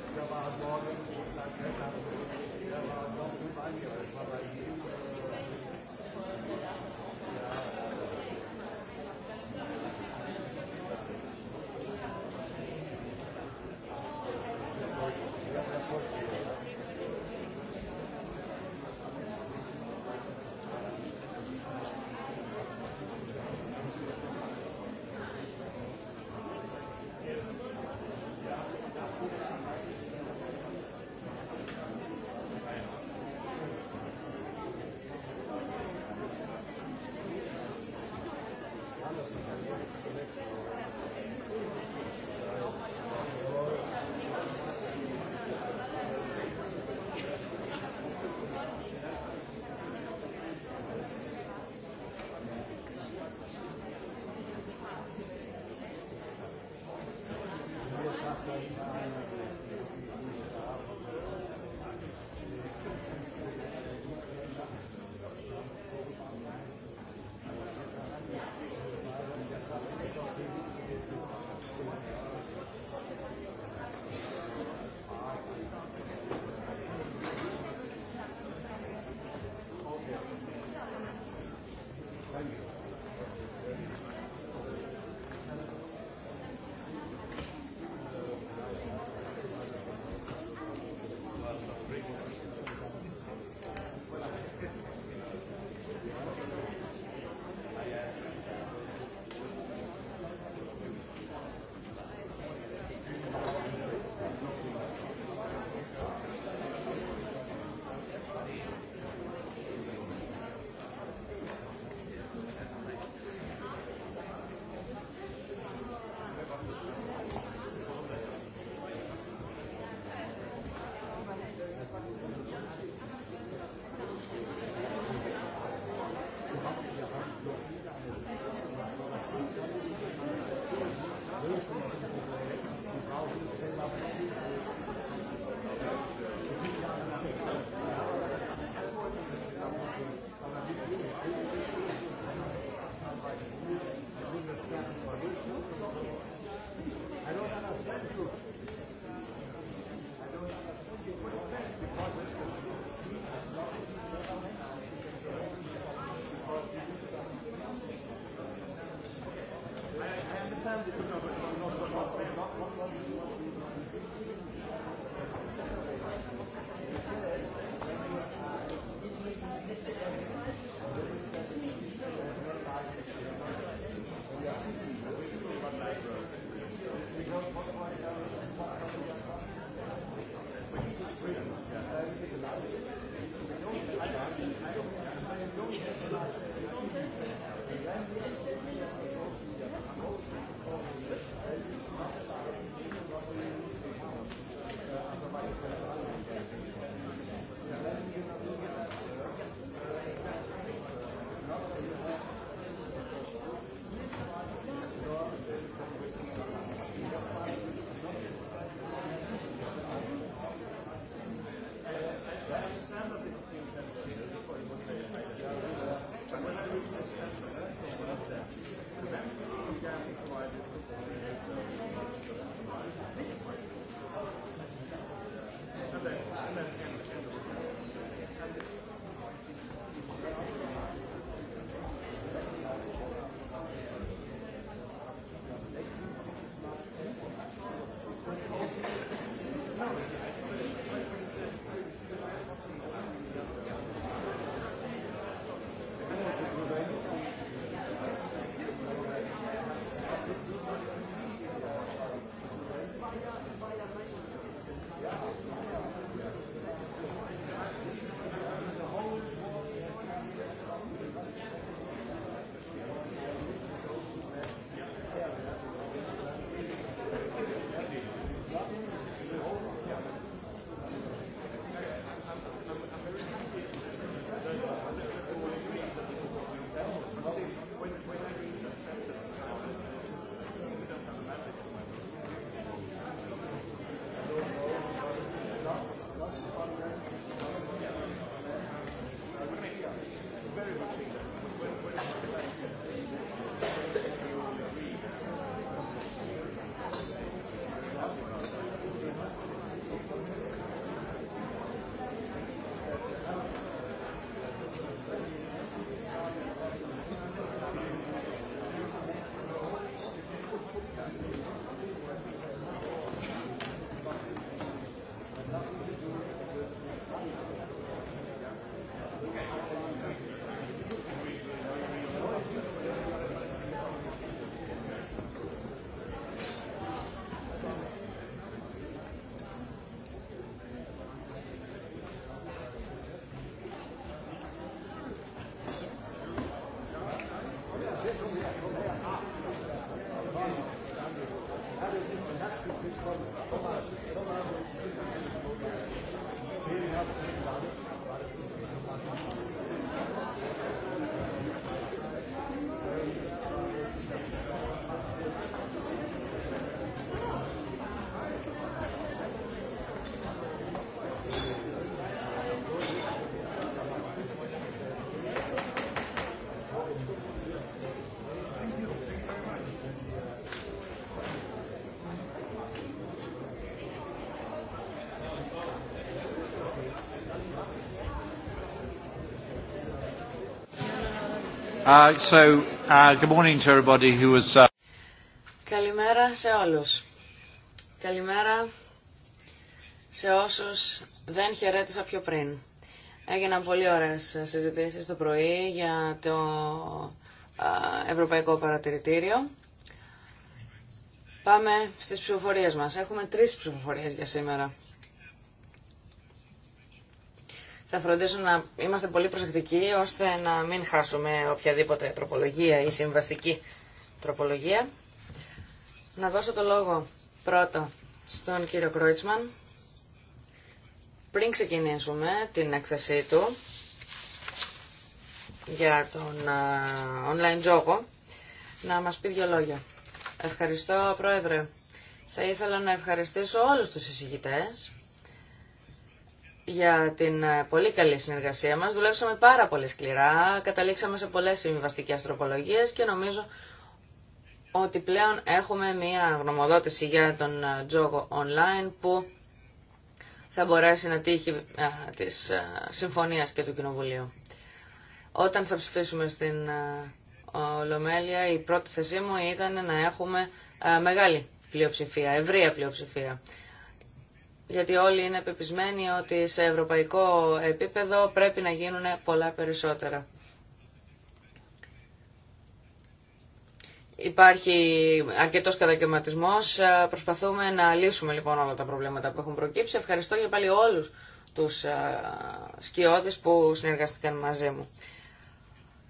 Καλημέρα σε όλους. Καλημέρα σε όσους δεν χαιρέτησα πιο πριν. Έγιναν πολύ ωραίες ε, συζητήσεις το πρωί για το Ευρωπαϊκό Παρατηρητήριο. Πάμε στις ψηφοφορίες μας. Έχουμε τρεις ψηφοφορίες για σήμερα. θα φροντίσω να είμαστε πολύ προσεκτικοί ώστε να μην χάσουμε οποιαδήποτε τροπολογία ή συμβαστική τροπολογία. Να δώσω το λόγο πρώτο στον κύριο Κρόιτσμαν. Πριν ξεκινήσουμε την έκθεσή του για τον online τζόγο, να μας πει δύο λόγια. Ευχαριστώ, Πρόεδρε. Θα ήθελα να ευχαριστήσω όλους τους εισηγητές για την ε, πολύ καλή συνεργασία μας. Δουλέψαμε πάρα πολύ σκληρά, καταλήξαμε σε πολλές συμβιβαστικέ τροπολογίες και νομίζω ότι πλέον έχουμε μία γνωμοδότηση για τον ε, τζόγο online που θα μπορέσει να τύχει ε, της συμφωνίας και του Κοινοβουλίου. Όταν θα ψηφίσουμε στην Ολομέλεια η πρώτη θέση μου ήταν να έχουμε μεγάλη πλειοψηφία, ευρεία πλειοψηφία γιατί όλοι είναι πεπισμένοι ότι σε ευρωπαϊκό επίπεδο πρέπει να γίνουν πολλά περισσότερα. Υπάρχει αρκετό κατακαιρματισμό. Προσπαθούμε να λύσουμε λοιπόν όλα τα προβλήματα που έχουν προκύψει. Ευχαριστώ για πάλι όλου του ε, σκιώδει που συνεργάστηκαν μαζί μου.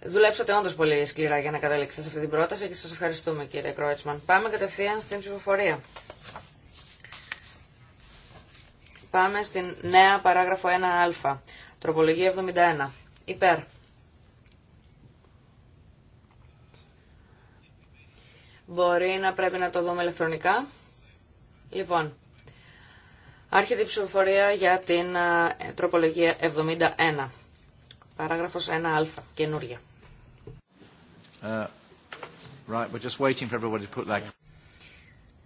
Δουλέψατε όντω πολύ σκληρά για να καταλήξετε σε αυτή την πρόταση και σα ευχαριστούμε κύριε Κρόιτσμαν. Πάμε κατευθείαν στην ψηφοφορία. Πάμε στην νέα παράγραφο 1α. Τροπολογία 71. Υπέρ. Μπορεί να πρέπει να το δούμε ηλεκτρονικά. Λοιπόν, άρχεται η ψηφοφορία για την ε, τροπολογία 71. Παράγραφος 1α, καινούρια. Uh,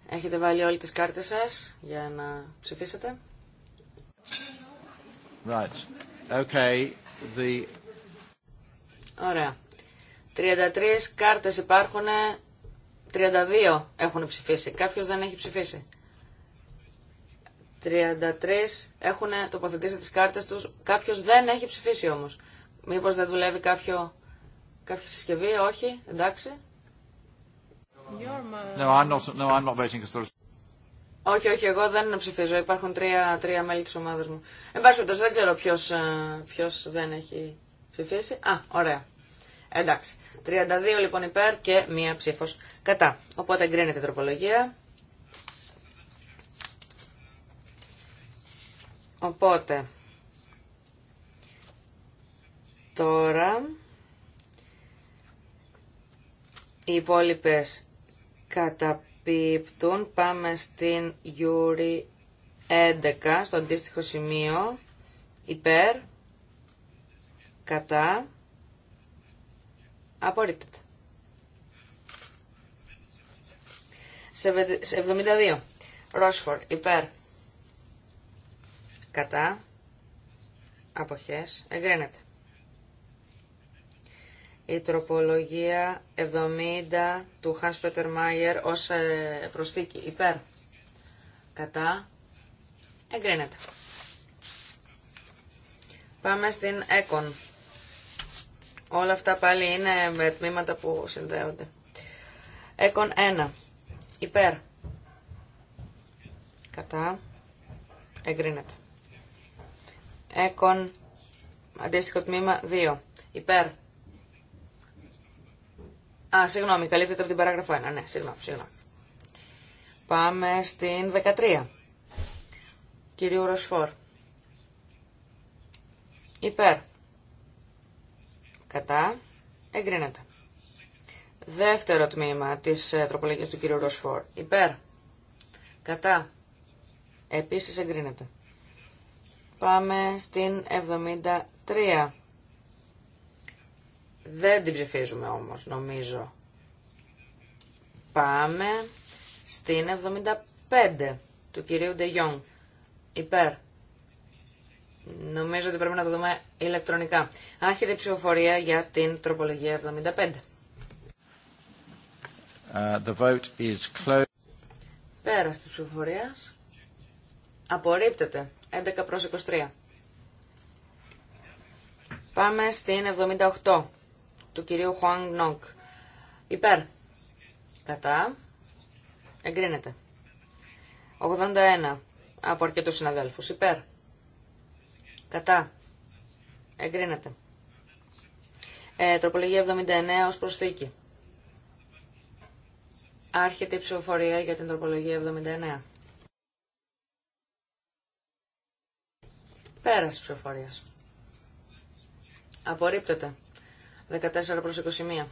Έχετε βάλει όλοι τις κάρτες σας για να ψηφίσετε. Right. Ωραία. 33 κάρτες υπάρχουν, 32 έχουν ψηφίσει. Κάποιος δεν έχει ψηφίσει. 33 έχουν τοποθετήσει τις κάρτες τους, κάποιος δεν έχει ψηφίσει όμως. Μήπως δεν δουλεύει κάποιο, κάποια συσκευή, όχι, εντάξει. Uh, no, I'm not, όχι, όχι, εγώ δεν ψηφίζω. Υπάρχουν τρία, τρία μέλη τη ομάδα μου. Εν πάση δεν ξέρω ποιο ε, δεν έχει ψηφίσει. Α, ωραία. Εντάξει. 32 λοιπόν υπέρ και μία ψήφο κατά. Οπότε εγκρίνεται η τροπολογία. Οπότε, τώρα, οι υπόλοιπε κατά Πιπτούν Πάμε στην Γιούρι 11, στο αντίστοιχο σημείο. Υπέρ. Κατά. Απορρίπτεται. Σε 72. Ρόσφορ. Υπέρ. Κατά. Αποχές. Εγκρίνεται η τροπολογία 70 του Hans Πέτερ Μάιερ ως ε, προσθήκη υπέρ κατά εγκρίνεται. Πάμε στην έκον. Όλα αυτά πάλι είναι με τμήματα που συνδέονται. Έκον 1. Υπέρ. Κατά. Εγκρίνεται. Έκον. Αντίστοιχο τμήμα 2. Υπέρ. Α, συγγνώμη, καλύπτεται από την παράγραφο 1. Ναι, συγγνώμη, συγγνώμη. Πάμε στην 13. Κύριο Ροσφόρ. Υπέρ. Κατά. Εγκρίνεται. Δεύτερο τμήμα της ε, τροπολογίας του κυρίου Ροσφόρ. Υπέρ. Κατά. Επίσης εγκρίνεται. Πάμε στην 73. Δεν την ψηφίζουμε όμως, νομίζω. Πάμε στην 75 του κυρίου Γιόνγκ, Υπέρ. Νομίζω ότι πρέπει να το δούμε ηλεκτρονικά. Άρχιδε η ψηφοφορία για την τροπολογία 75. Uh, the vote is closed. Πέρας της ψηφοφορίας. Απορρίπτεται. 11 προς 23. Πάμε στην 78 του κυρίου Χουάν Νόγκ. Υπέρ. Κατά. Εγκρίνεται. 81 από αρκετούς συναδέλφους. Υπέρ. Κατά. Εγκρίνεται. Ε, τροπολογία 79 ως προσθήκη. Άρχεται η ψηφοφορία για την τροπολογία 79. Πέραση ψηφοφορίας. Απορρίπτεται. 14 προς 21.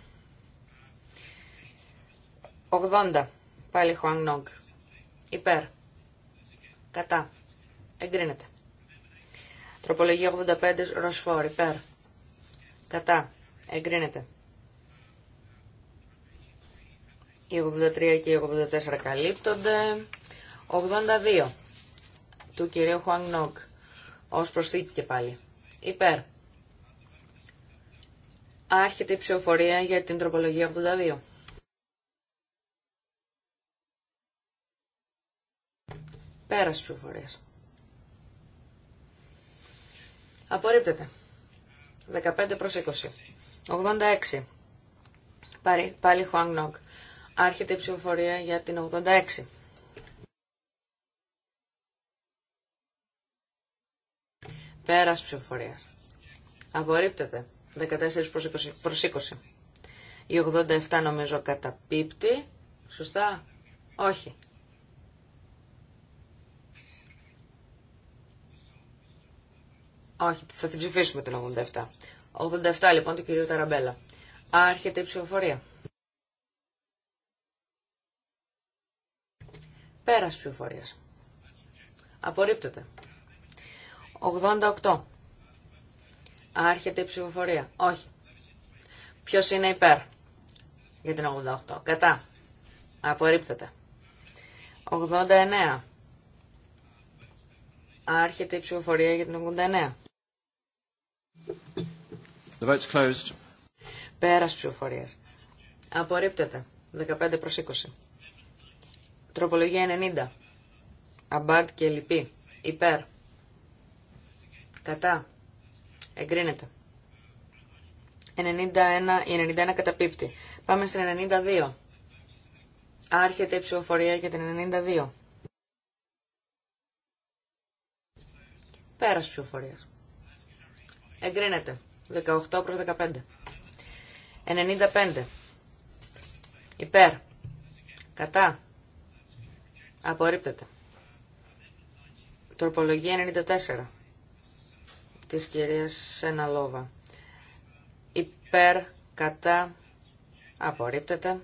80. Πάλι Χουαγνόγκ. Υπέρ. Κατά. Εγκρίνεται. Τροπολογία 85 Ροσφόρ. Υπέρ. Κατά. Εγκρίνεται. Οι 83 και οι 84 καλύπτονται. 82 του κυρίου Χουαγνόγκ. Ως προσθήκη και πάλι. Υπέρ. Άρχεται η ψηφοφορία για την τροπολογία 82. Πέρας ψηφοφορίας. Απορρίπτεται. 15 προς 20. 86. Πάλι, πάλι Νόγκ. Άρχεται η ψηφοφορία για την 86. Πέρας ψηφοφορίας. Απορρίπτεται. 14 προς 20. 20. Η 87 νομίζω καταπίπτει. Σωστά. Όχι. Όχι, θα την ψηφίσουμε την 87. 87 λοιπόν του κυρίου Ταραμπέλα. Άρχεται η ψηφοφορία. Πέρας ψηφοφορίας. Απορρίπτεται. 88. Άρχεται η ψηφοφορία. Όχι. Ποιο είναι υπέρ για την 88. Κατά. Απορρίπτεται. 89. Άρχεται η ψηφοφορία για την 89. The vote's closed. Πέρας ψηφοφορίας. Απορρίπτεται. 15 προς 20. Τροπολογία 90. Αμπάντ και λυπή. Υπέρ. Κατά. Εγκρίνεται. 91, η 91 καταπίπτει. Πάμε στην 92. Άρχεται η ψηφοφορία για την 92. Πέρας ψηφοφορία. Εγκρίνεται. 18 προς 15. 95. Υπέρ. Κατά. Απορρίπτεται. Τροπολογία 94 της κυρίας Σεναλόβα. Υπέρ, κατά, απορρίπτεται.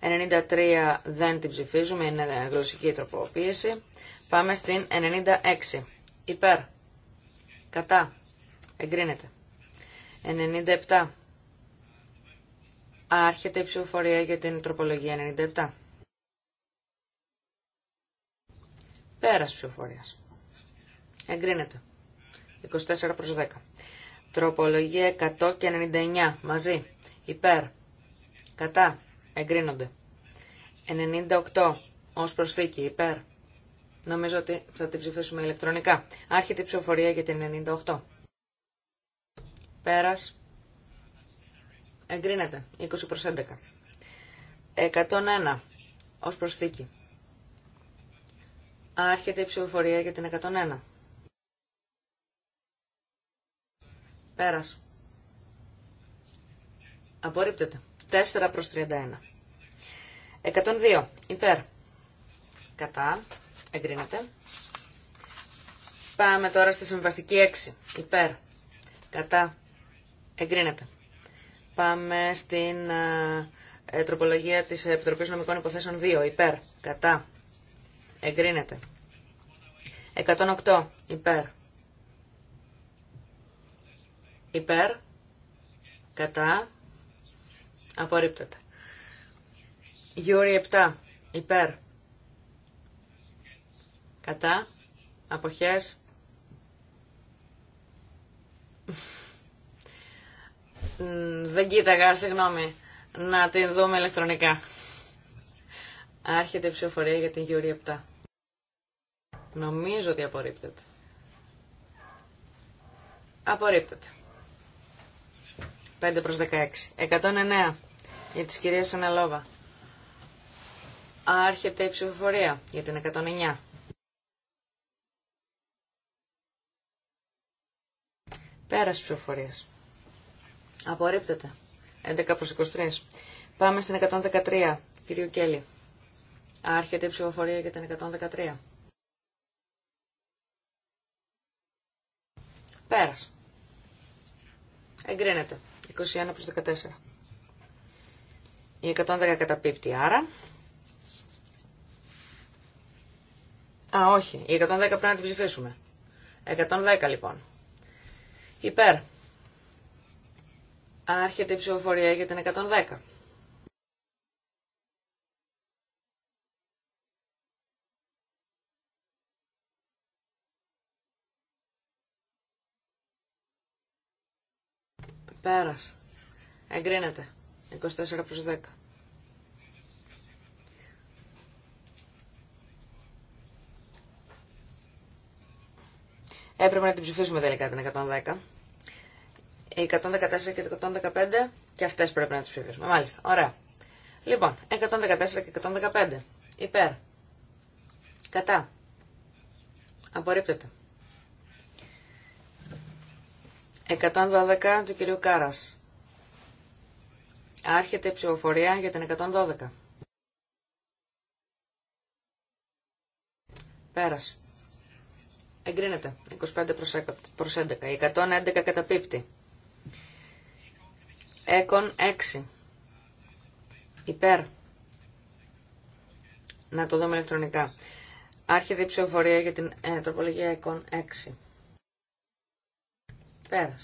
93 δεν την ψηφίζουμε, είναι γλωσσική τροποποίηση. Πάμε στην 96. Υπέρ. Κατά. Εγκρίνεται. 97. Άρχεται η ψηφοφορία για την τροπολογία 97. Πέρας ψηφοφορίας. Εγκρίνεται. 24 προς 10. Τροπολογία 199 μαζί. Υπέρ. Κατά. Εγκρίνονται. 98 ως προσθήκη. Υπέρ. Νομίζω ότι θα την ψηφίσουμε ηλεκτρονικά. Άρχεται η ψηφοφορία για την 98. Πέρας. Εγκρίνεται. 20 προς 11. 101 ως προσθήκη. Άρχεται η ψηφοφορία για την 101. Πέρας. Απορρίπτεται. 4 προς 31. 102. Υπέρ. Κατά. Εγκρίνεται. Πάμε τώρα στη συμβαστική 6. Υπέρ. Κατά. Εγκρίνεται. Πάμε στην ε, τροπολογία της Επιτροπής Νομικών Υποθέσεων 2. Υπέρ. Κατά. Εγκρίνεται. 108. Υπέρ υπέρ, κατά, απορρίπτεται. Γιούρι 7, υπέρ, κατά, αποχές, δεν κοίταγα, συγγνώμη, να την δούμε ηλεκτρονικά. Άρχεται η ψηφοφορία για την Γιούρι 7. Νομίζω ότι απορρίπτεται. Απορρίπτεται. 5 προς 16. 109 για τις κυρίες Αναλόβα. Άρχεται η ψηφοφορία για την 109. Πέρας ψηφοφορίας. Απορρίπτεται. 11 προς 23. Πάμε στην 113, κύριο Κέλλη. Άρχεται η ψηφοφορία για την 113. Πέρας. Εγκρίνεται. 21 προς 14. Η 110 καταπίπτει, άρα... Α, όχι. Η 110 πρέπει να την ψηφίσουμε. 110 λοιπόν. Υπέρ. Άρχεται η ψηφοφορία για την 110. Πέρας. Εγκρίνεται. 24 προς 10. Έπρεπε να την ψηφίσουμε τελικά την 110. 114 και 115 και αυτές πρέπει να τις ψηφίσουμε. Μάλιστα. Ωραία. Λοιπόν, 114 και 115. Υπέρ. Κατά. Απορρίπτεται. 112 του κυρίου Κάρας. Άρχεται η ψηφοφορία για την 112. Πέρας. Εγκρίνεται. 25 προς 11. 111 καταπίπτει. Έκον 6. Υπέρ. Να το δούμε ηλεκτρονικά. Άρχεται η ψηφοφορία για την ε, τροπολογία Έκον 6 πέρα.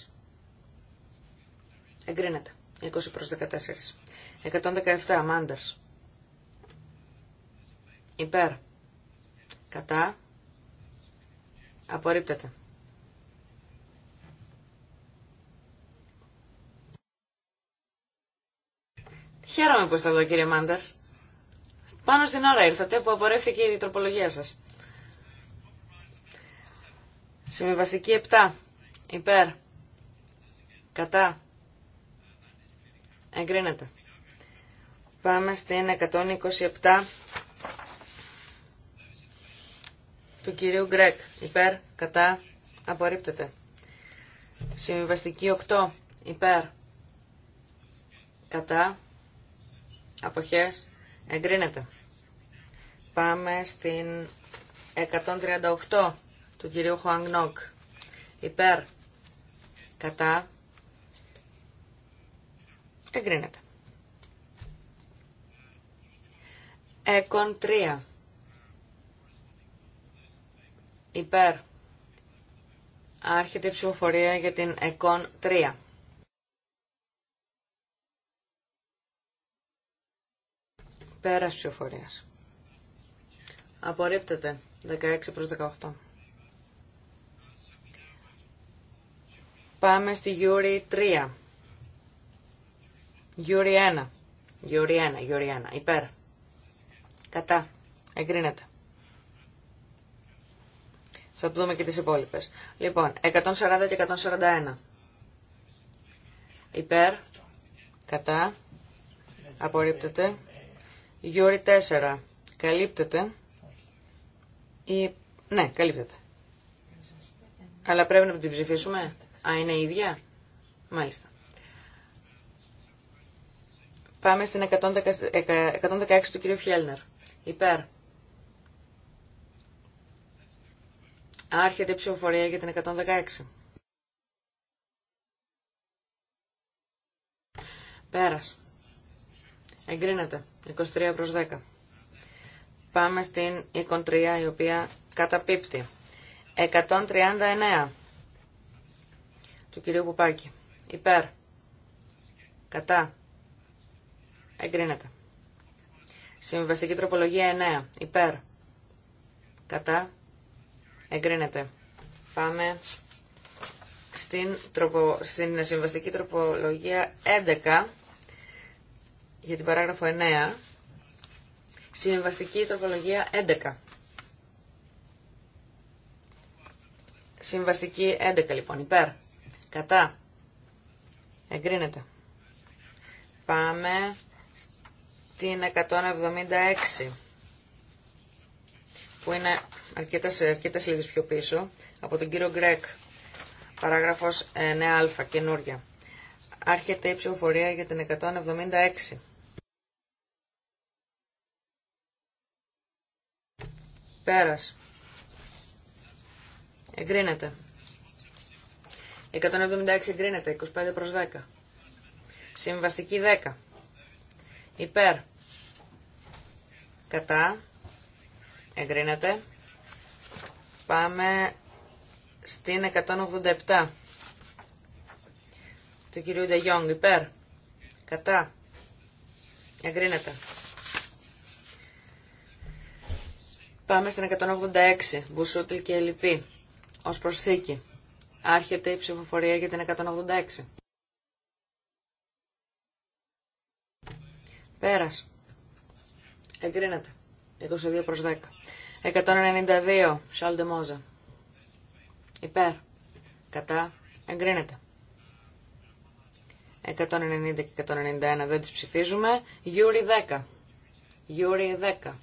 Εγκρίνεται. 20 προς 14. 117. Μάντερς. Υπέρ. Κατά. Απορρίπτεται. Χαίρομαι που είστε εδώ κύριε Μάντερς. Πάνω στην ώρα ήρθατε που απορρέφθηκε η τροπολογία σας. Συμβιβαστική 7. Υπέρ. Κατά. Εγκρίνεται. Πάμε στην 127 του κυρίου Γκρέκ. Υπέρ, κατά, απορρίπτεται. Συμβιβαστική 8. Υπέρ, κατά, αποχές, εγκρίνεται. Πάμε στην 138 του κυρίου Χουαγνόκ. Υπέρ, κατά, Εγκρίνεται. Εκον 3. Υπέρ. Άρχεται η ψηφοφορία για την Εκον 3. Πέρας ψηφοφορίας. Απορρίπτεται. 16 προς 18. Πάμε στη Γιούρι 3. Γιουριένα. Γιουριένα, Γιουριένα. Υπέρ. Κατά. Εγκρίνεται. Θα το δούμε και τις υπόλοιπες. Λοιπόν, 140 και 141. Υπέρ. Κατά. Απορρίπτεται. Γιούρι 4. Καλύπτεται. Η... Ναι, καλύπτεται. Αλλά πρέπει να την ψηφίσουμε. Α, είναι η ίδια. Μάλιστα. Πάμε στην 116 του κυρίου Φιέλνερ. Υπέρ. Άρχεται η ψηφοφορία για την 116. Πέρας. Εγκρίνεται. 23 προς 10. Πάμε στην 23 η οποία καταπίπτει. 139 του κυρίου Πουπάκη. Υπέρ. Κατά. Εγκρίνεται. Συμβαστική τροπολογία 9. Υπέρ. Κατά. Εγκρίνεται. Πάμε στην, τροπο, στην συμβαστική τροπολογία 11 για την παράγραφο 9. Συμβαστική τροπολογία 11. Συμβαστική 11 λοιπόν. Υπέρ. Κατά. Εγκρίνεται. Πάμε την 176 που είναι αρκετές, αρκετές λίγες πιο πίσω από τον κύριο Γκρέκ παράγραφος 9α καινούρια άρχεται η ψηφοφορία για την 176 πέρας εγκρίνεται 176 εγκρίνεται 25 προς 10 συμβαστική 10 υπέρ Κατά. Εγκρίνεται. Πάμε στην 187. Του κυρίου Ντεγιόγκ. Υπέρ. Κατά. Εγκρίνεται. Πάμε στην 186. Μπουσούτλ και Ελυπή. Ως προσθήκη. Άρχεται η ψηφοφορία για την 186. Πέρας. Εγκρίνεται. 22 προς 10. 192. Σάλντε Μόζα. Υπέρ. Κατά. Εγκρίνεται. 190 και 191 δεν τις ψηφίζουμε. Γιούρι 10. Γιούρι 10.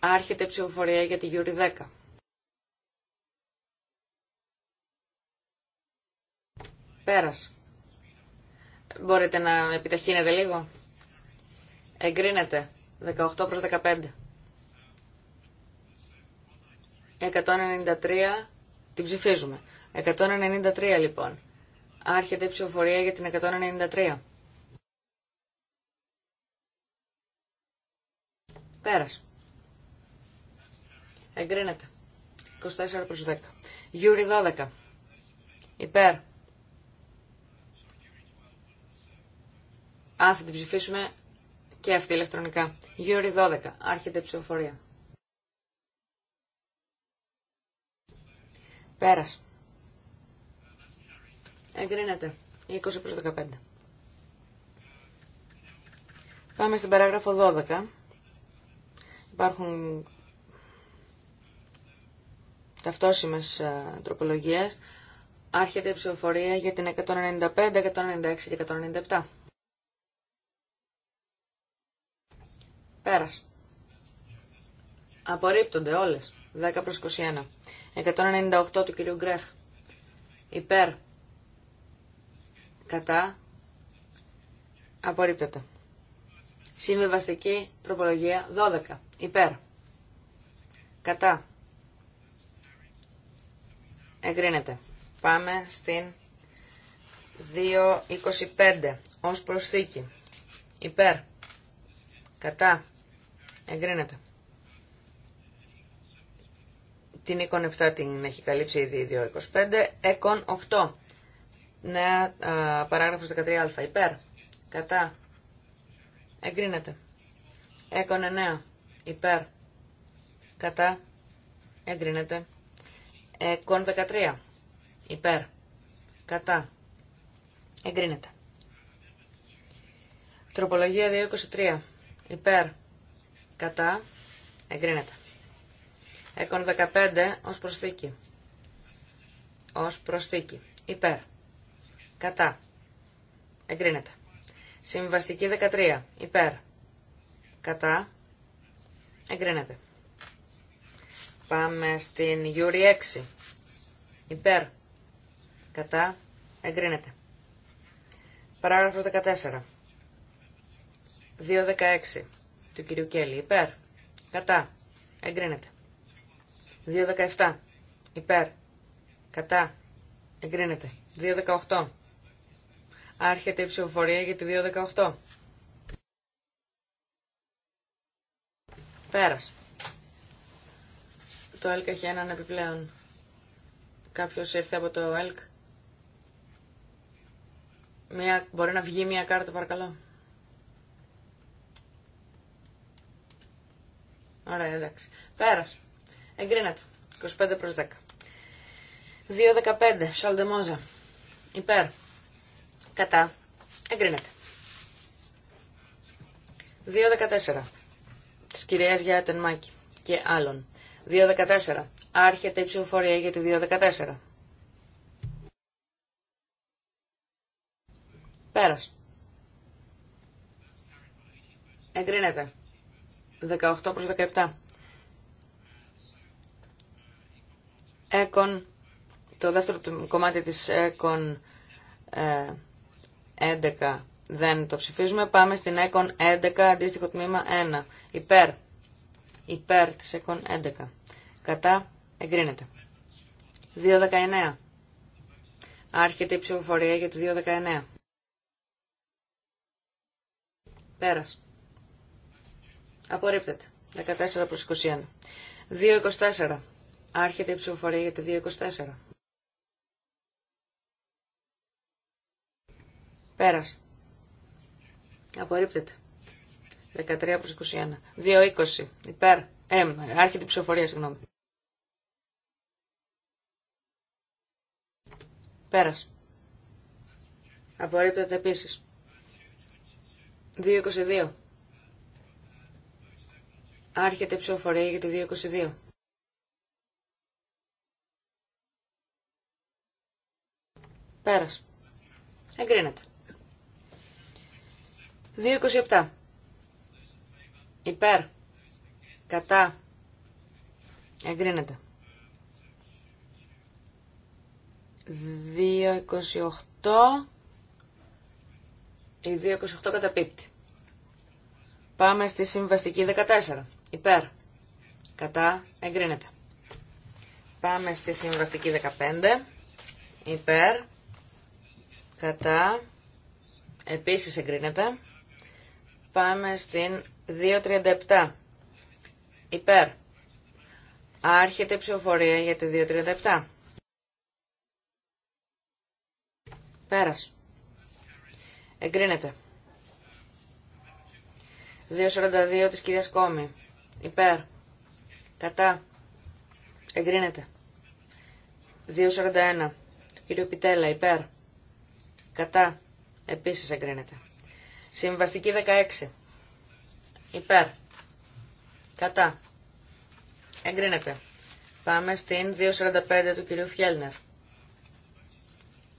Άρχεται ψηφοφορία για τη Γιούρι 10. Πέρας. Μπορείτε να επιταχύνετε λίγο. Εγκρίνεται. 18 προς 15. 193 την ψηφίζουμε. 193 λοιπόν. Άρχεται η ψηφοφορία για την 193. Πέρας. Εγκρίνεται. 24 προς 10. Γιούρι 12. Υπέρ. Αν θα την ψηφίσουμε και αυτή ηλεκτρονικά. Γιώρι 12. Άρχεται ψηφοφορία. Πέρας. Εγκρίνεται. 20 προς 15. Πάμε στην παράγραφο 12. Υπάρχουν ταυτόσιμες ε, τροπολογίες. Άρχεται η ψηφοφορία για την 195, 196 και 197. Πέρας. Απορρίπτονται όλες. 10 προ 21. 198 του κυρίου Γκρέχ. Υπέρ. Κατά. Απορρίπτεται. Συμβιβαστική τροπολογία 12. Υπέρ. Κατά. Εγκρίνεται. Πάμε στην 2.25 ως προσθήκη. Υπέρ. Κατά. Εγκρίνεται. Την εικόν 7 την έχει καλύψει ήδη η 2.25. Εκόν 8. Νέα α, παράγραφος 13α. Υπέρ. Κατά. Εγκρίνεται. Έκον 9. Υπέρ. Κατά. Εγκρίνεται. Εκόν 13. Υπέρ. Κατά. Εγκρίνεται. Τροπολογία 223. Υπέρ κατά, εγκρίνεται. Έκον 15 ως προσθήκη. Ως προσθήκη. Υπέρ. Κατά. Εγκρίνεται. Συμβαστική 13. Υπέρ. Κατά. Εγκρίνεται. Πάμε στην Γιούρι 6. Υπέρ. Κατά. Εγκρίνεται. Παράγραφος 14. 2.16 του κυρίου Κέλλη. Υπέρ. Κατά. Εγκρίνεται. 2.17. Υπέρ. Κατά. Εγκρίνεται. 2.18. Άρχεται η ψηφοφορία για τη 2.18. Πέρας. Το ΕΛΚ έχει έναν επιπλέον. Κάποιος ήρθε από το ΕΛΚ. Μια, μπορεί να βγει μια κάρτα παρακαλώ. Ωραία, εντάξει. Πέρασε. Εγκρίνεται. 25 προς 10. 2.15. Σολτεμόζα. Υπέρ. Κατά. Εγκρίνεται. 2.14. Της κυρίας για Τενμάκη και άλλων. 2.14. Άρχεται η ψηφοφορία για τη 2.14. Πέρας. Εγκρίνεται. 18 προς 17. Έκον, το δεύτερο κομμάτι της έκον 11 ε, δεν το ψηφίζουμε. Πάμε στην έκον 11, αντίστοιχο τμήμα 1. Υπέρ. Υπέρ της έκον 11. Κατά εγκρίνεται. 2.19. Άρχεται η ψηφοφορία για το 2.19. Πέρας. Απορρίπτεται. 14 προς 21. 2.24. Άρχεται η ψηφοφορία για το 2.24. Πέρας. Απορρίπτεται. 13 προς 21. 2.20. Υπέρ. Ε, άρχεται η ψηφοφορία, συγγνώμη. Πέρας. Απορρίπτεται επίσης. 2.22. Άρχεται ψηφοφορία για το 222. Πέρας. Εγκρίνεται. 2.27. Υπέρ. Κατά. Εγκρίνεται. 2.28. Η 2.28 καταπίπτει. Πάμε στη συμβαστική 14. Υπέρ. Κατά. Εγκρίνεται. Πάμε στη συμβαστική 15. Υπέρ. Κατά. Επίσης εγκρίνεται. Πάμε στην 2.37. Υπέρ. Άρχεται η ψηφοφορία για τη 2.37. Πέρας. Εγκρίνεται. 2.42 της κυρίας Κόμη υπέρ, κατά, εγκρίνεται. 2.41 του κύριου Πιτέλα, υπέρ, κατά, επίσης εγκρίνεται. Συμβαστική 16, υπέρ, κατά, εγκρίνεται. Πάμε στην 2.45 του κυρίου Φιέλνερ.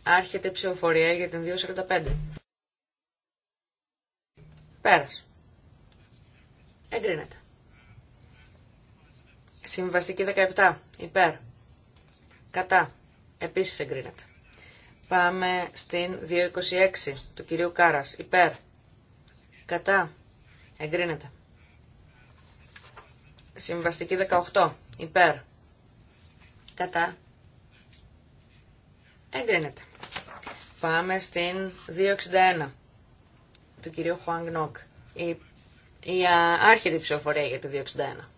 Άρχεται η ψηφοφορία για την 2.45. Πέρας. Εγκρίνεται. Συμβαστική 17. Υπέρ. Κατά. Επίσης εγκρίνεται. Πάμε στην 226 του κυρίου Κάρας. Υπέρ. Κατά. Εγκρίνεται. Συμβαστική 18. Υπέρ. Κατά. Εγκρίνεται. Πάμε στην 261 του κυρίου Χουάνγκ Η, η ψηφοφορία για τη 261.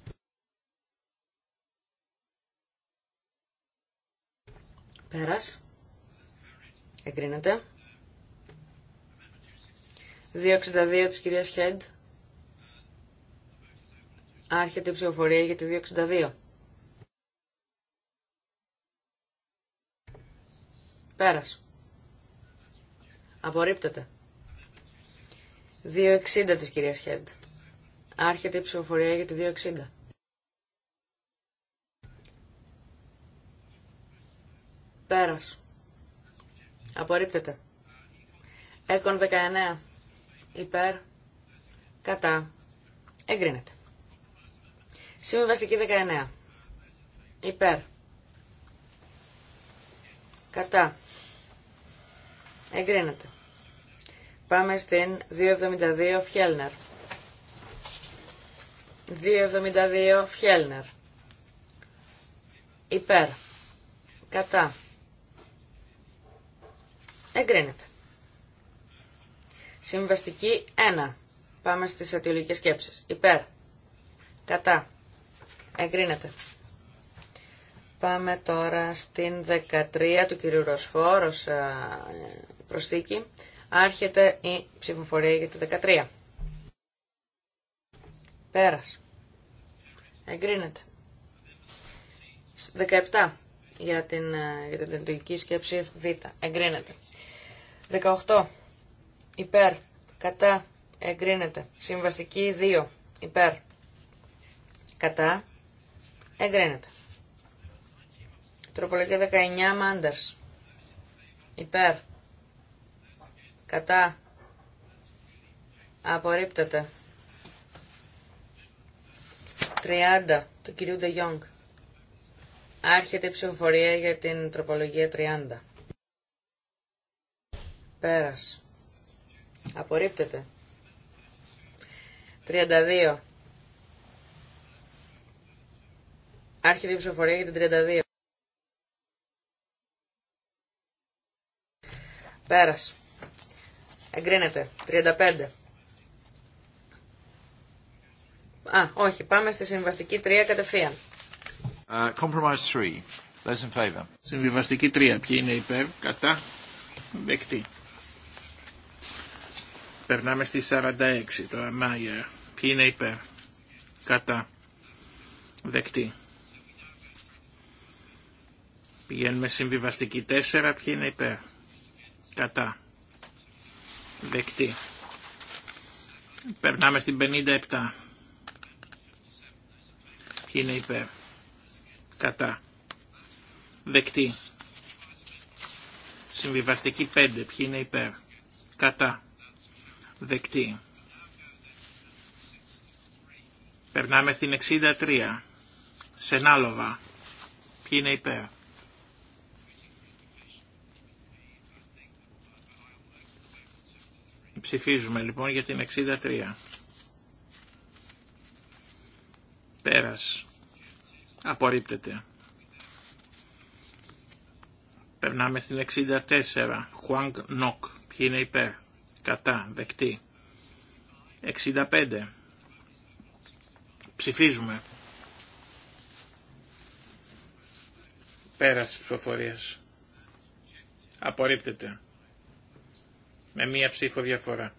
Πέρας. Εγκρίνεται. 262 της κυρίας Χέντ. Άρχεται η ψηφοφορία για τη 262. Πέρας. Απορρίπτεται. 260 της κυρίας Χέντ. Άρχεται η ψηφοφορία για τη 260. Πέρας. Απορρίπτεται. Έκον 19. Υπέρ. Κατά. Εγκρίνεται. Συμβιβαστική 19. Υπέρ. Κατά. Εγκρίνεται. Πάμε στην 272 Φιέλνερ. 272 Φιέλνερ. Υπέρ. Κατά. Εγκρίνεται. Συμβαστική 1. Πάμε στις αιτιολογικές σκέψεις. Υπέρ. Κατά. Εγκρίνεται. Πάμε τώρα στην 13 του κυρίου Ροσφόρ ως προσθήκη. Άρχεται η ψηφοφορία για τη 13. Πέρας. Εγκρίνεται. 17 για την, για την σκέψη Β. Εγκρίνεται. 18 υπέρ κατά εγκρίνεται. Συμβαστική 2 υπέρ κατά εγκρίνεται. Τροπολογία 19 Μάντερς υπέρ κατά απορρίπτεται. 30 του κυρίου Ντεγιόγκ. Άρχεται η ψηφοφορία για την τροπολογία 30. Πέρας. Απορρίπτεται. 32. Άρχιδη ψηφοφορία για την 32. Πέρας. Εγκρίνεται. 35. Α, όχι. Πάμε στη συμβαστική 3 κατευθείαν. Uh, 3. Those Συμβιβαστική 3. Ποιοι είναι υπέρ, κατά, δεκτή. Περνάμε στη 46 τώρα, Μάγερ. Ποιοι είναι υπέρ. Κατά. Δεκτή. Πηγαίνουμε συμβιβαστική 4. Ποιοι είναι υπέρ. Κατά. Δεκτή. Περνάμε στην 57. Ποιοι είναι υπέρ. Κατά. Δεκτή. Συμβιβαστική 5. Ποιοι είναι υπέρ. Κατά. Δεκτή. Περνάμε στην 63. Σενάλοβα. Ποιοι είναι υπέρ. Ψηφίζουμε λοιπόν για την 63. Πέρας. Απορρίπτεται. Περνάμε στην 64. Χουάνγκ Νοκ. Ποιοι είναι υπέρ κατά, δεκτή. 65. Ψηφίζουμε. Πέρας της ψηφοφορίας. Απορρίπτεται. Με μία ψήφο διαφορά.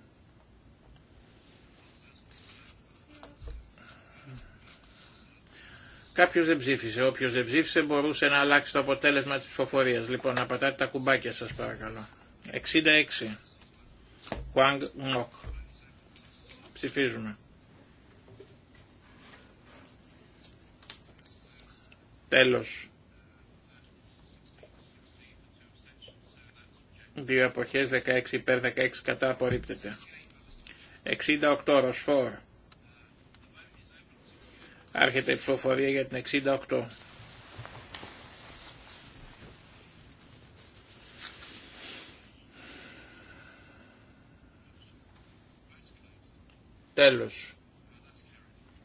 Κάποιο δεν ψήφισε. Όποιο δεν ψήφισε μπορούσε να αλλάξει το αποτέλεσμα τη ψηφοφορία. Λοιπόν, να πατάτε τα κουμπάκια σα παρακαλώ. 66. Ψηφίζουμε. Τέλος. Δύο εποχές, 16 υπέρ, 16 κατά απορρίπτεται. 68 ροσφόρ. Άρχεται η ψηφοφορία για την 68. Τέλος.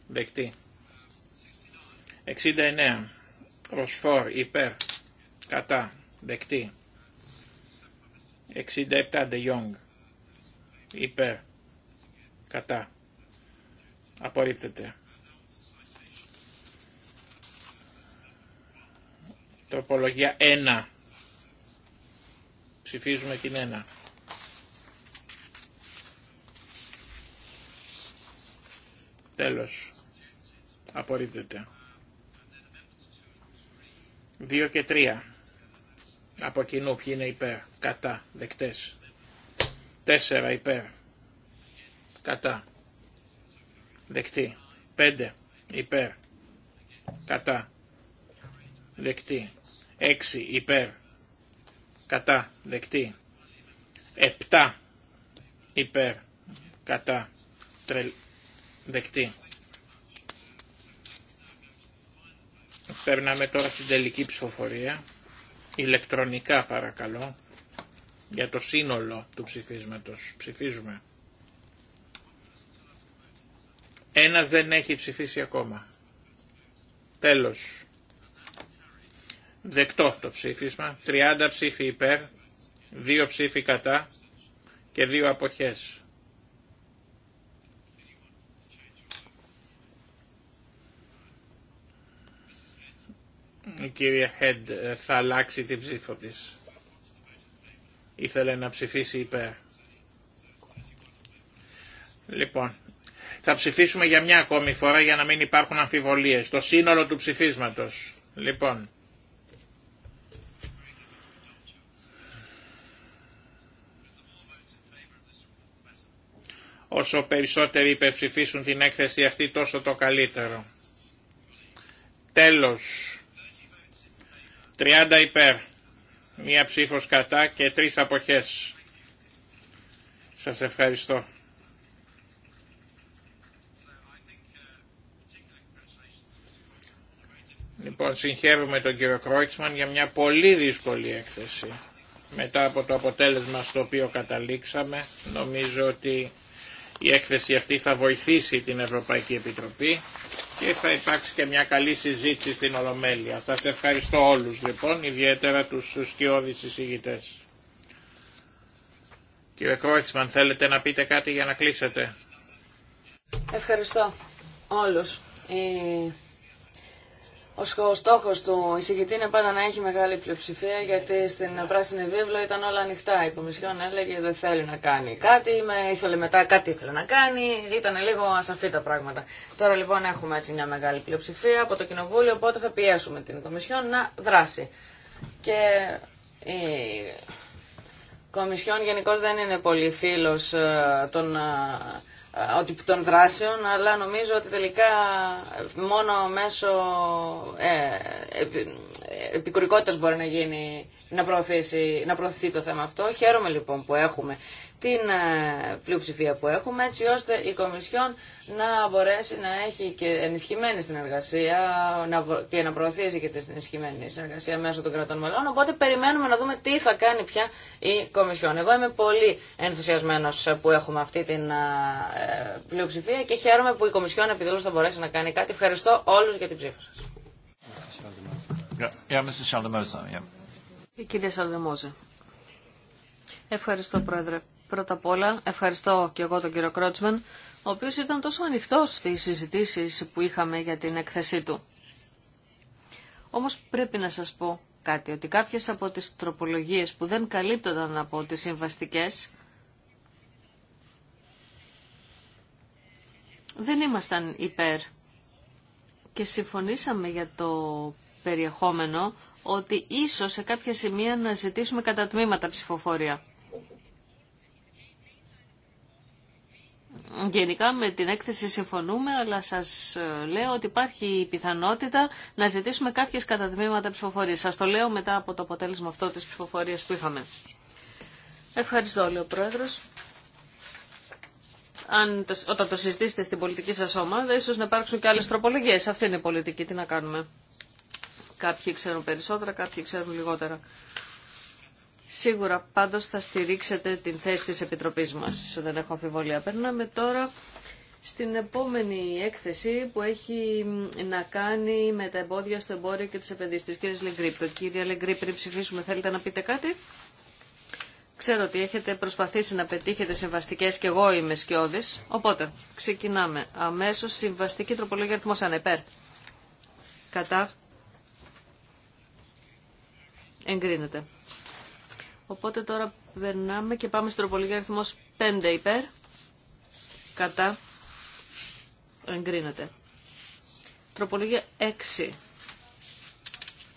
Δεκτή. 69. Ροσφόρ υπέρ. Κατά. Δεκτή. 67. Ντε Ιόγκ. Υπέρ. Κατά. Απορρίπτεται. Τροπολογία 1. Ψηφίζουμε την 1. Τέλος. Απορρίπτεται. 2 και 3. Από κοινού ποιοι είναι υπέρ. Κατά. Δεκτές. 4 υπέρ. Κατά. Δεκτή. 5 υπέρ. Κατά. Δεκτή. 6 υπέρ. Κατά. Δεκτή. 7 υπέρ. Κατά. Τρελ Δεκτή. Περνάμε τώρα στην τελική ψηφοφορία. Ηλεκτρονικά παρακαλώ. Για το σύνολο του ψηφίσματος. Ψηφίζουμε. Ένας δεν έχει ψηφίσει ακόμα. Τέλος. Δεκτό το ψήφισμα. 30 ψήφοι υπέρ, 2 ψήφοι κατά και 2 αποχές. Η κυρία Χέντ ε, θα αλλάξει την ψήφο της. Ήθελε να ψηφίσει υπέρ. Λοιπόν, θα ψηφίσουμε για μια ακόμη φορά για να μην υπάρχουν αμφιβολίες. Το σύνολο του ψηφίσματος. Λοιπόν. Όσο περισσότεροι υπερψηφίσουν την έκθεση αυτή τόσο το καλύτερο. Τέλος. 30 υπέρ, μία ψήφος κατά και τρεις αποχές. Σας ευχαριστώ. Λοιπόν, συγχαίρουμε τον κύριο Κρόιτσμαν για μια πολύ δύσκολη έκθεση. Μετά από το αποτέλεσμα στο οποίο καταλήξαμε, νομίζω ότι η έκθεση αυτή θα βοηθήσει την Ευρωπαϊκή Επιτροπή και θα υπάρξει και μια καλή συζήτηση στην Ολομέλεια. Σας ευχαριστώ όλους λοιπόν, ιδιαίτερα τους σκιώδεις εισηγητές. Κύριε Κρόιτσμαν, θέλετε να πείτε κάτι για να κλείσετε. Ευχαριστώ όλους. Ε, ο στόχο του εισηγητή είναι πάντα να έχει μεγάλη πλειοψηφία, γιατί στην πράσινη βίβλο ήταν όλα ανοιχτά. Η Κομισιόν έλεγε δεν θέλει να κάνει κάτι, με ήθελε μετά κάτι ήθελε να κάνει. Ήταν λίγο ασαφή τα πράγματα. Τώρα λοιπόν έχουμε έτσι μια μεγάλη πλειοψηφία από το Κοινοβούλιο, οπότε θα πιέσουμε την Κομισιόν να δράσει. Και η Κομισιόν γενικώ δεν είναι πολύ φίλο ε, των ε, των δράσεων, αλλά νομίζω ότι τελικά μόνο μέσω ε, επικουρικότητας μπορεί να γίνει να, προωθήσει, να προωθηθεί το θέμα αυτό. Χαίρομαι λοιπόν που έχουμε την ε, πλειοψηφία που έχουμε, έτσι ώστε η Κομισιόν να μπορέσει να έχει και ενισχυμένη συνεργασία και να προωθήσει και την ενισχυμένη συνεργασία μέσω των κρατών μελών. Οπότε περιμένουμε να δούμε τι θα κάνει πια η Κομισιόν. Εγώ είμαι πολύ ενθουσιασμένος που έχουμε αυτή την ε, πλειοψηφία και χαίρομαι που η Κομισιόν επιτέλους θα μπορέσει να κάνει κάτι. Ευχαριστώ όλους για την ψήφα σας. Ευχαριστώ, Πρόεδρε. Πρώτα απ' όλα ευχαριστώ και εγώ τον κύριο Κρότσμαν, ο οποίος ήταν τόσο ανοιχτός στις συζητήσεις που είχαμε για την έκθεσή του. Όμως πρέπει να σας πω κάτι, ότι κάποιες από τις τροπολογίες που δεν καλύπτονταν από τις συμβαστικές, δεν ήμασταν υπέρ και συμφωνήσαμε για το περιεχόμενο ότι ίσως σε κάποια σημεία να ζητήσουμε κατά τμήματα ψηφοφορία. Γενικά με την έκθεση συμφωνούμε, αλλά σας ε, λέω ότι υπάρχει η πιθανότητα να ζητήσουμε κάποιες κατατμήματα ψηφοφορίας. Σα το λέω μετά από το αποτέλεσμα αυτό της ψηφοφορίας που είχαμε. Ευχαριστώ, λέει ο πρόεδρο. όταν το συζητήσετε στην πολιτική σας ομάδα, ίσως να υπάρξουν και άλλες τροπολογίες. Αυτή είναι η πολιτική, τι να κάνουμε. Κάποιοι ξέρουν περισσότερα, κάποιοι ξέρουν λιγότερα. Σίγουρα πάντως θα στηρίξετε την θέση της Επιτροπής μας. Δεν έχω αμφιβολία. Περνάμε τώρα στην επόμενη έκθεση που έχει να κάνει με τα εμπόδια στο εμπόριο και τις επενδύσεις. Κύριε Λεγκρίπ, το κύριε Λεγκρίπ, πριν ψηφίσουμε, θέλετε να πείτε κάτι. Ξέρω ότι έχετε προσπαθήσει να πετύχετε συμβαστικές και εγώ είμαι σκιώδη. Οπότε, ξεκινάμε. Αμέσω συμβαστική τροπολογία αριθμό ανεπέρ. Κατά. Εγκρίνεται. Οπότε τώρα περνάμε και πάμε στην τροπολογία αριθμό 5 υπέρ. Κατά. Εγκρίνεται. Τροπολογία 6.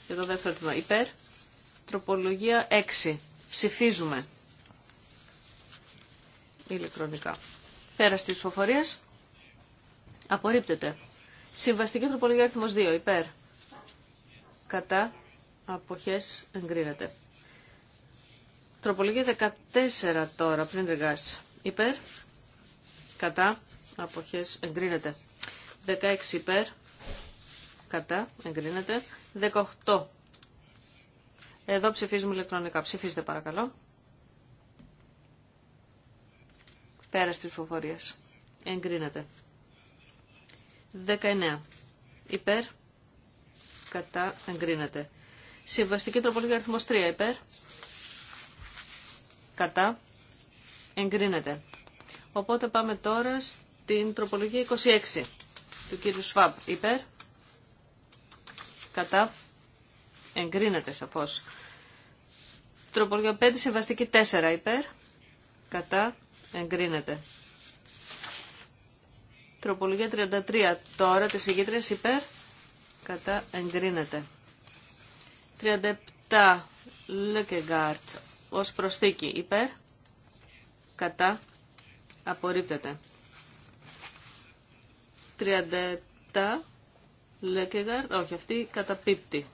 Για το δεύτερο τμήμα. Υπέρ. Τροπολογία 6. Ψηφίζουμε. Ηλεκτρονικά. Πέρα τη ψηφοφορία. Απορρίπτεται. Συμβαστική τροπολογία αριθμό 2. Υπέρ. Κατά. Αποχές εγκρίνεται. Τροπολογία 14 τώρα, πριν τριγάσει. Υπέρ, κατά, αποχές εγκρίνεται. 16 υπέρ, κατά, εγκρίνεται. 18. Εδώ ψηφίζουμε ηλεκτρονικά. Ψηφίστε παρακαλώ. Πέρα τη ψηφοφορία. Εγκρίνεται. 19. Υπέρ, κατά, εγκρίνεται. Συμβαστική τροπολογία αριθμός 3 υπέρ, κατά εγκρίνεται. Οπότε πάμε τώρα στην τροπολογία 26 του κύριου Σφαμπ. Υπέρ, κατά, εγκρίνεται σαφώς. Τροπολογία 5, συμβαστική 4 υπέρ, κατά, εγκρίνεται. Τροπολογία 33 τώρα της ηγήτριας υπέρ, κατά, εγκρίνεται. 37, Λεκεγκάρτ ως προσθήκη υπέρ, κατά, απορρίπτεται. 37 Λέκεγαρ, όχι αυτή καταπίπτει.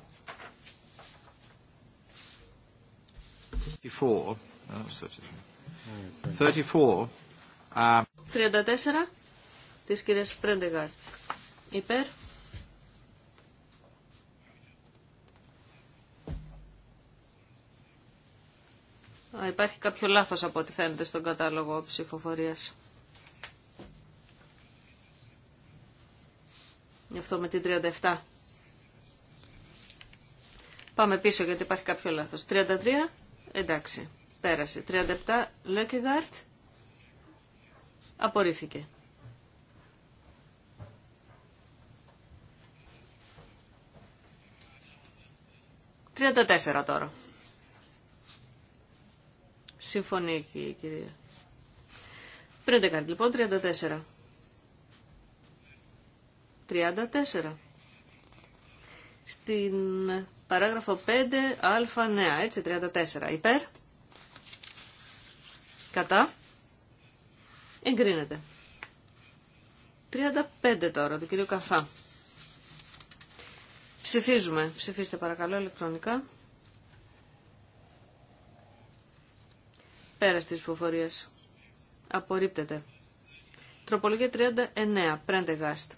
34. 34. 34 της κυρίας Πρέντεγαρτ. Υπέρ. υπάρχει κάποιο λάθος από ό,τι φαίνεται στον κατάλογο ψηφοφορίας. Γι' αυτό με την 37. Πάμε πίσω γιατί υπάρχει κάποιο λάθος. 33, εντάξει, πέρασε. 37, Λέκεγαρτ, απορρίφθηκε. 34 τώρα. Συμφωνεί η κυρία. Πριν κάνετε λοιπόν, 34. 34. Στην παράγραφο 5α νέα, έτσι, 34. Υπέρ. Κατά. Εγκρίνεται. 35 τώρα, του κύριο Καφά. Ψηφίζουμε. Ψηφίστε παρακαλώ ηλεκτρονικά. Πέρα τη ψηφοφορία. Απορρίπτεται. Τροπολογία 39. Πρέντε γάστ.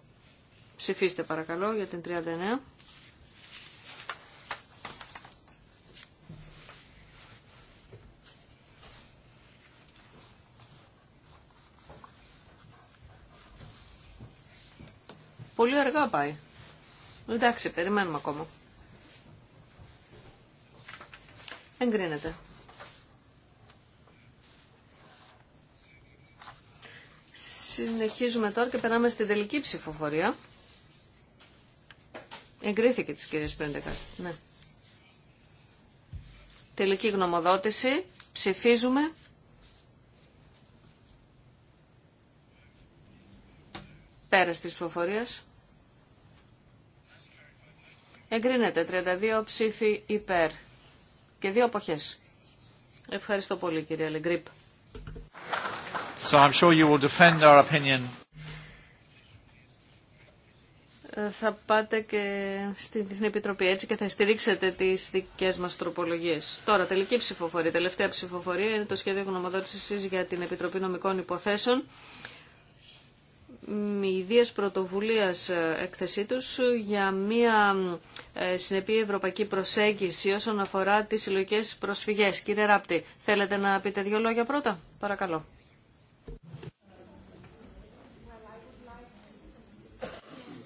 Ψηφίστε παρακαλώ για την 39. Πολύ αργά πάει. Εντάξει, περιμένουμε ακόμα. Εγκρίνεται. Συνεχίζουμε τώρα και περνάμε στην τελική ψηφοφορία. Εγκρίθηκε της κυρίας Πέντεκας. Ναι. Τελική γνωμοδότηση. Ψηφίζουμε. Πέρα της ψηφοφορίας. Εγκρίνεται 32 ψήφοι υπέρ και δύο αποχές. Ευχαριστώ πολύ κυρία Λεγκρίπ. So I'm sure you will defend our opinion. Ε, θα πάτε και στην Διεθνή Επιτροπή έτσι και θα στηρίξετε τι δικές μας τροπολογίες. Τώρα, τελική ψηφοφορία, τελευταία ψηφοφορία είναι το σχέδιο γνωμοδότηση για την Επιτροπή Νομικών Υποθέσεων. Ιδίε πρωτοβουλία εκθεσή του για μια ε, συνεπή ευρωπαϊκή προσέγγιση όσον αφορά τις συλλογικέ προσφυγέ. Κύριε Ράπτη, θέλετε να πείτε δύο λόγια πρώτα, παρακαλώ.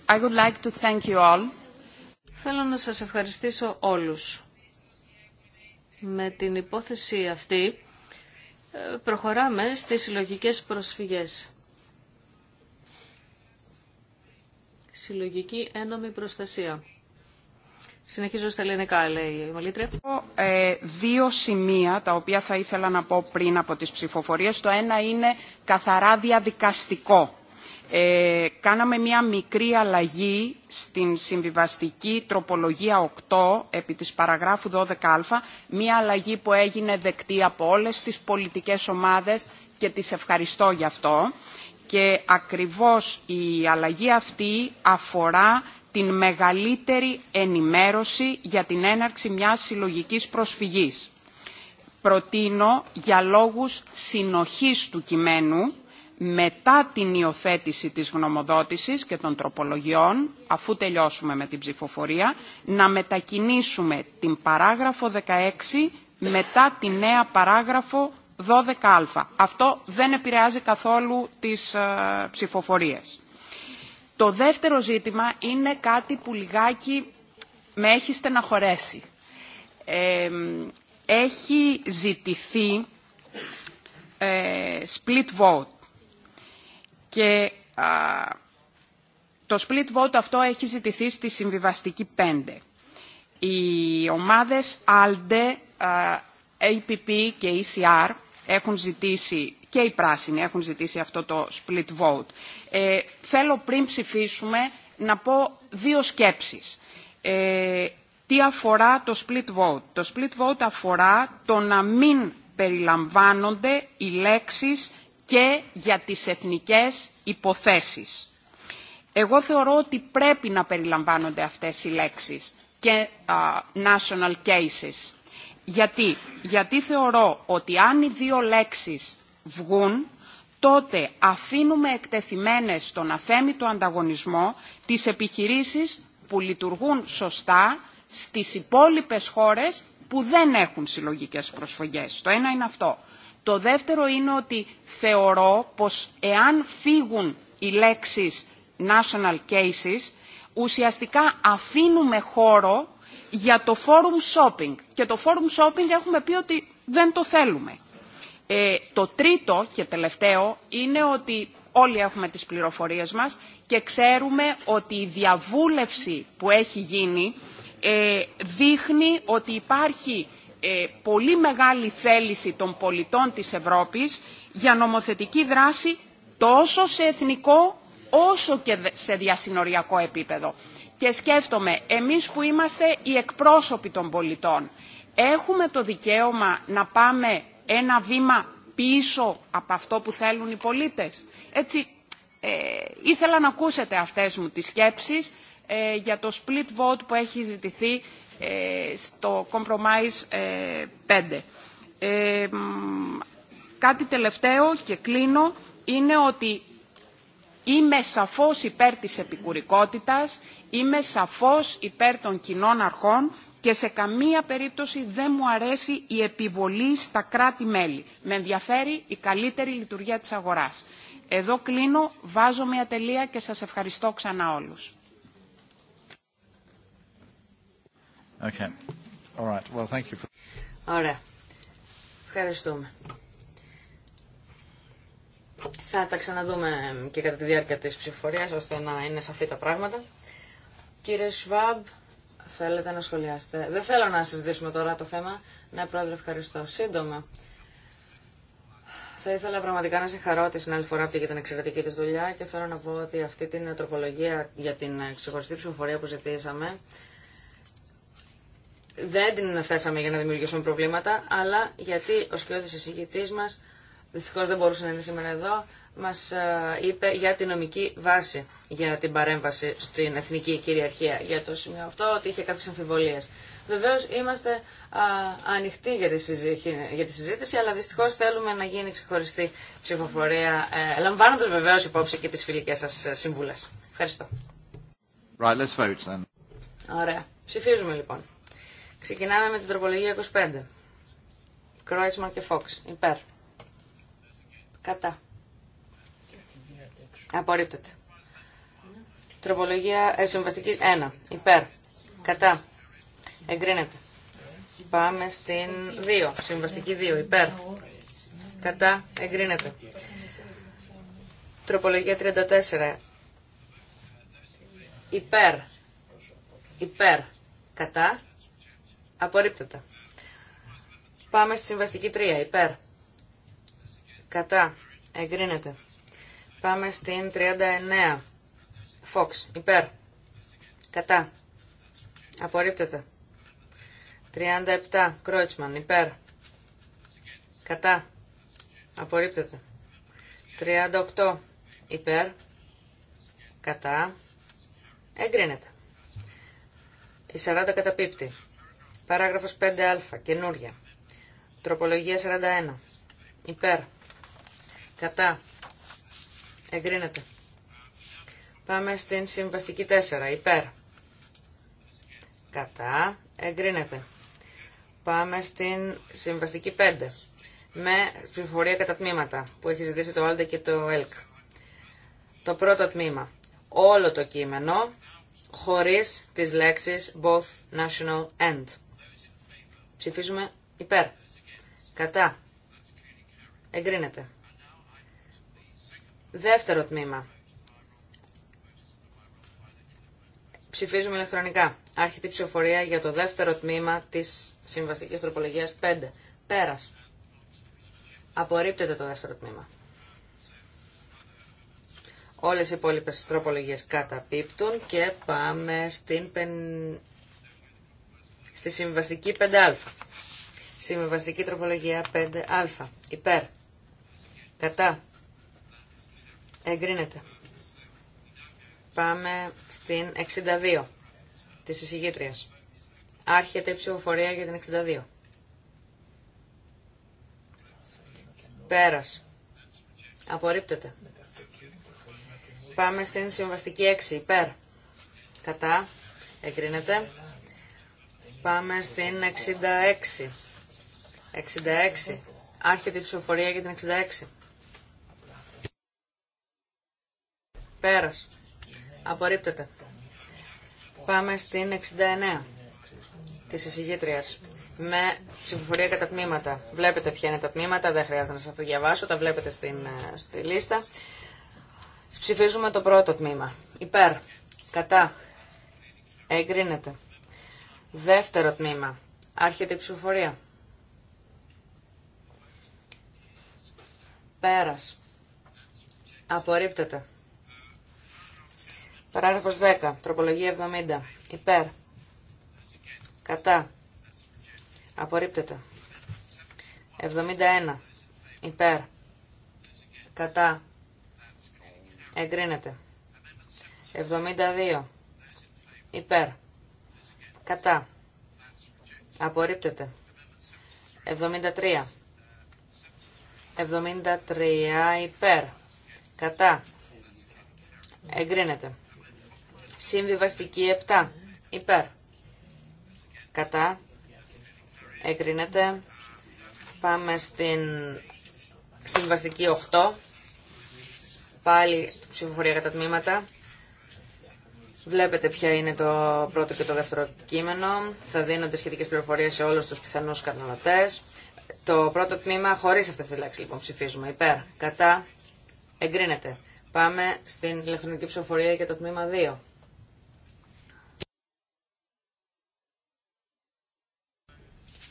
I to thank you all. Θέλω να σας ευχαριστήσω όλους. Με την υπόθεση αυτή ε, προχωράμε στις συλλογικέ προσφυγές. Συλλογική ένομη προστασία. Συνεχίζω στα ελληνικά, λέει η Μαλήτρια. Ε, δύο σημεία τα οποία θα ήθελα να πω πριν από τις ψηφοφορίες. Το ένα είναι καθαρά διαδικαστικό ε, κάναμε μία μικρή αλλαγή στην συμβιβαστική τροπολογία 8 επί της παραγράφου 12α, μία αλλαγή που έγινε δεκτή από όλες τις πολιτικές ομάδες και τις ευχαριστώ γι' αυτό. Και ακριβώς η αλλαγή αυτή αφορά την μεγαλύτερη ενημέρωση για την έναρξη μιας συλλογικής προσφυγής. Προτείνω για λόγους συνοχής του κειμένου μετά την υιοθέτηση της γνωμοδότησης και των τροπολογιών, αφού τελειώσουμε με την ψηφοφορία, να μετακινήσουμε την παράγραφο 16 μετά τη νέα παράγραφο 12α. Αυτό δεν επηρεάζει καθόλου τις ε, ψηφοφορίες. Το δεύτερο ζήτημα είναι κάτι που λιγάκι με έχει στεναχωρέσει. Ε, έχει ζητηθεί ε, split vote και το split vote αυτό έχει ζητηθεί στη συμβιβαστική 5. Οι ομάδες ALDE, APP και ECR έχουν ζητήσει και οι πράσινοι έχουν ζητήσει αυτό το split vote. Ε, θέλω πριν ψηφίσουμε να πω δύο σκέψεις. Ε, τι αφορά το split vote. Το split vote αφορά το να μην περιλαμβάνονται οι λέξεις και για τις εθνικές υποθέσεις. Εγώ θεωρώ ότι πρέπει να περιλαμβάνονται αυτές οι λέξεις και national cases. Γιατί? Γιατί θεωρώ ότι αν οι δύο λέξεις βγουν, τότε αφήνουμε εκτεθειμένες στον αθέμητο ανταγωνισμό τις επιχειρήσεις που λειτουργούν σωστά στις υπόλοιπες χώρες που δεν έχουν συλλογικές προσφογές. Το ένα είναι αυτό. Το δεύτερο είναι ότι θεωρώ πως εάν φύγουν οι λέξεις national cases, ουσιαστικά αφήνουμε χώρο για το forum shopping. Και το forum shopping έχουμε πει ότι δεν το θέλουμε. Ε, το τρίτο και τελευταίο είναι ότι όλοι έχουμε τις πληροφορίες μας και ξέρουμε ότι η διαβούλευση που έχει γίνει ε, δείχνει ότι υπάρχει ε, πολύ μεγάλη θέληση των πολιτών της Ευρώπης για νομοθετική δράση τόσο σε εθνικό όσο και σε διασυνοριακό επίπεδο. Και σκέφτομαι, εμείς που είμαστε οι εκπρόσωποι των πολιτών, έχουμε το δικαίωμα να πάμε ένα βήμα πίσω από αυτό που θέλουν οι πολίτες. Έτσι, ε, ήθελα να ακούσετε αυτές μου τις σκέψεις ε, για το split vote που έχει ζητηθεί ε, στο Compromise 5. Ε, ε, κάτι τελευταίο και κλείνω είναι ότι είμαι σαφώς υπέρ της επικουρικότητας, είμαι σαφώς υπέρ των κοινών αρχών και σε καμία περίπτωση δεν μου αρέσει η επιβολή στα κράτη-μέλη. Με ενδιαφέρει η καλύτερη λειτουργία της αγοράς. Εδώ κλείνω, βάζω μια τελεία και σας ευχαριστώ ξανά όλους. Okay. All right. Well, thank you for... Ωραία. Ευχαριστούμε. Θα τα ξαναδούμε και κατά τη διάρκεια της ψηφοφορίας, ώστε να είναι σαφή τα πράγματα. Κύριε Σβάμπ, θέλετε να σχολιάσετε. Δεν θέλω να συζητήσουμε τώρα το θέμα. Ναι, πρόεδρε, ευχαριστώ. Σύντομα. Θα ήθελα πραγματικά να συγχαρώ τη συνάδελφο αυτή για την εξαιρετική τη δουλειά και θέλω να πω ότι αυτή την τροπολογία για την ξεχωριστή ψηφοφορία που ζητήσαμε δεν την θέσαμε για να δημιουργήσουμε προβλήματα, αλλά γιατί ο σκιώδης εισηγητής μας, δυστυχώ δεν μπορούσε να είναι σήμερα εδώ, μας ε, είπε για την νομική βάση για την παρέμβαση στην εθνική κυριαρχία για το σημείο αυτό, ότι είχε κάποιες αμφιβολίες. Βεβαίως είμαστε ανοιχτοί για τη, συζήτηση, αλλά δυστυχώς θέλουμε να γίνει ξεχωριστή ψηφοφορία, ε, λαμβάνοντας βεβαίως υπόψη και τις φιλικέ σας ε, συμβούλες. Ευχαριστώ. Right, let's vote then. Ωραία. Ψηφίζουμε λοιπόν. Ξεκινάμε με την τροπολογία 25. Κρόιτσμαν και Φόξ. Υπέρ. Κατά. Απορρίπτεται. Τροπολογία ε, συμβαστική 1. Υπέρ. Κατά. Εγκρίνεται. Πάμε στην 2. Συμβαστική 2. Υπέρ. Κατά. Εγκρίνεται. Τροπολογία 34. Υπέρ. Υπέρ. Κατά. Απορρίπτεται. Πάμε στη συμβαστική 3. Υπέρ. Κατά. Εγκρίνεται. Πάμε στην 39. Φόξ. Υπέρ. Κατά. Απορρίπτεται. 37. Κρότσμαν. Υπέρ. Κατά. Απορρίπτεται. 38. Υπέρ. Κατά. Εγκρίνεται. Η 40 καταπίπτει. Παράγραφος 5α, καινούρια. Τροπολογία 41. Υπέρ. Κατά. Εγκρίνεται. Πάμε στην συμβαστική 4. Υπέρ. Κατά. Εγκρίνεται. Πάμε στην συμβαστική 5. Με ψηφοφορία κατά τμήματα που έχει ζητήσει το Άλντε και το ΕΛΚ. Το πρώτο τμήμα. Όλο το κείμενο χωρίς τις λέξεις both national and. Ψηφίζουμε υπέρ. Κατά. Εγκρίνεται. Δεύτερο τμήμα. Ψηφίζουμε ηλεκτρονικά. Άρχεται η ψηφοφορία για το δεύτερο τμήμα της συμβαστικής τροπολογίας 5. Πέρας. Απορρίπτεται το δεύτερο τμήμα. Όλες οι υπόλοιπες τροπολογίες καταπίπτουν και πάμε στην στη συμβαστικη 5 5α. Συμβαστική τροπολογία 5α. Υπέρ. Κατά. Εγκρίνεται. Πάμε στην 62 της εισηγήτριας. Άρχεται η ψηφοφορία για την 62. Πέρας. Απορρίπτεται. Πάμε στην συμβαστική 6. Υπέρ. Κατά. Εγκρίνεται. Πάμε στην 66. 66. Άρχεται η ψηφοφορία για την 66. Πέρας. Απορρίπτεται. Πάμε στην 69 της εισηγήτριας με ψηφοφορία κατά τμήματα. Βλέπετε ποια είναι τα τμήματα, δεν χρειάζεται να σας το διαβάσω, τα βλέπετε στην, ε, στη λίστα. Ψηφίζουμε το πρώτο τμήμα. Υπέρ, κατά, εγκρίνεται. Δεύτερο τμήμα. Άρχεται η ψηφοφορία. Πέρας. Απορρίπτεται. Παράγραφος 10. Τροπολογία 70. Υπέρ. Κατά. Απορρίπτεται. 71. Υπέρ. Κατά. Εγκρίνεται. 72. Υπέρ. Κατά. Απορρίπτεται. 73. 73 υπέρ. Κατά. Εγκρίνεται. Συμβιβαστική 7 υπέρ. Κατά. Εγκρίνεται. Πάμε στην συμβαστική 8. Πάλι ψηφοφορία κατά τμήματα. Βλέπετε ποια είναι το πρώτο και το δεύτερο κείμενο. Θα δίνονται σχετικές πληροφορίες σε όλου τους πιθανού καταναλωτέ. Το πρώτο τμήμα, χωρί αυτέ τι λέξει λοιπόν ψηφίζουμε, υπέρ, κατά, εγκρίνεται. Πάμε στην ηλεκτρονική ψηφοφορία για το τμήμα 2.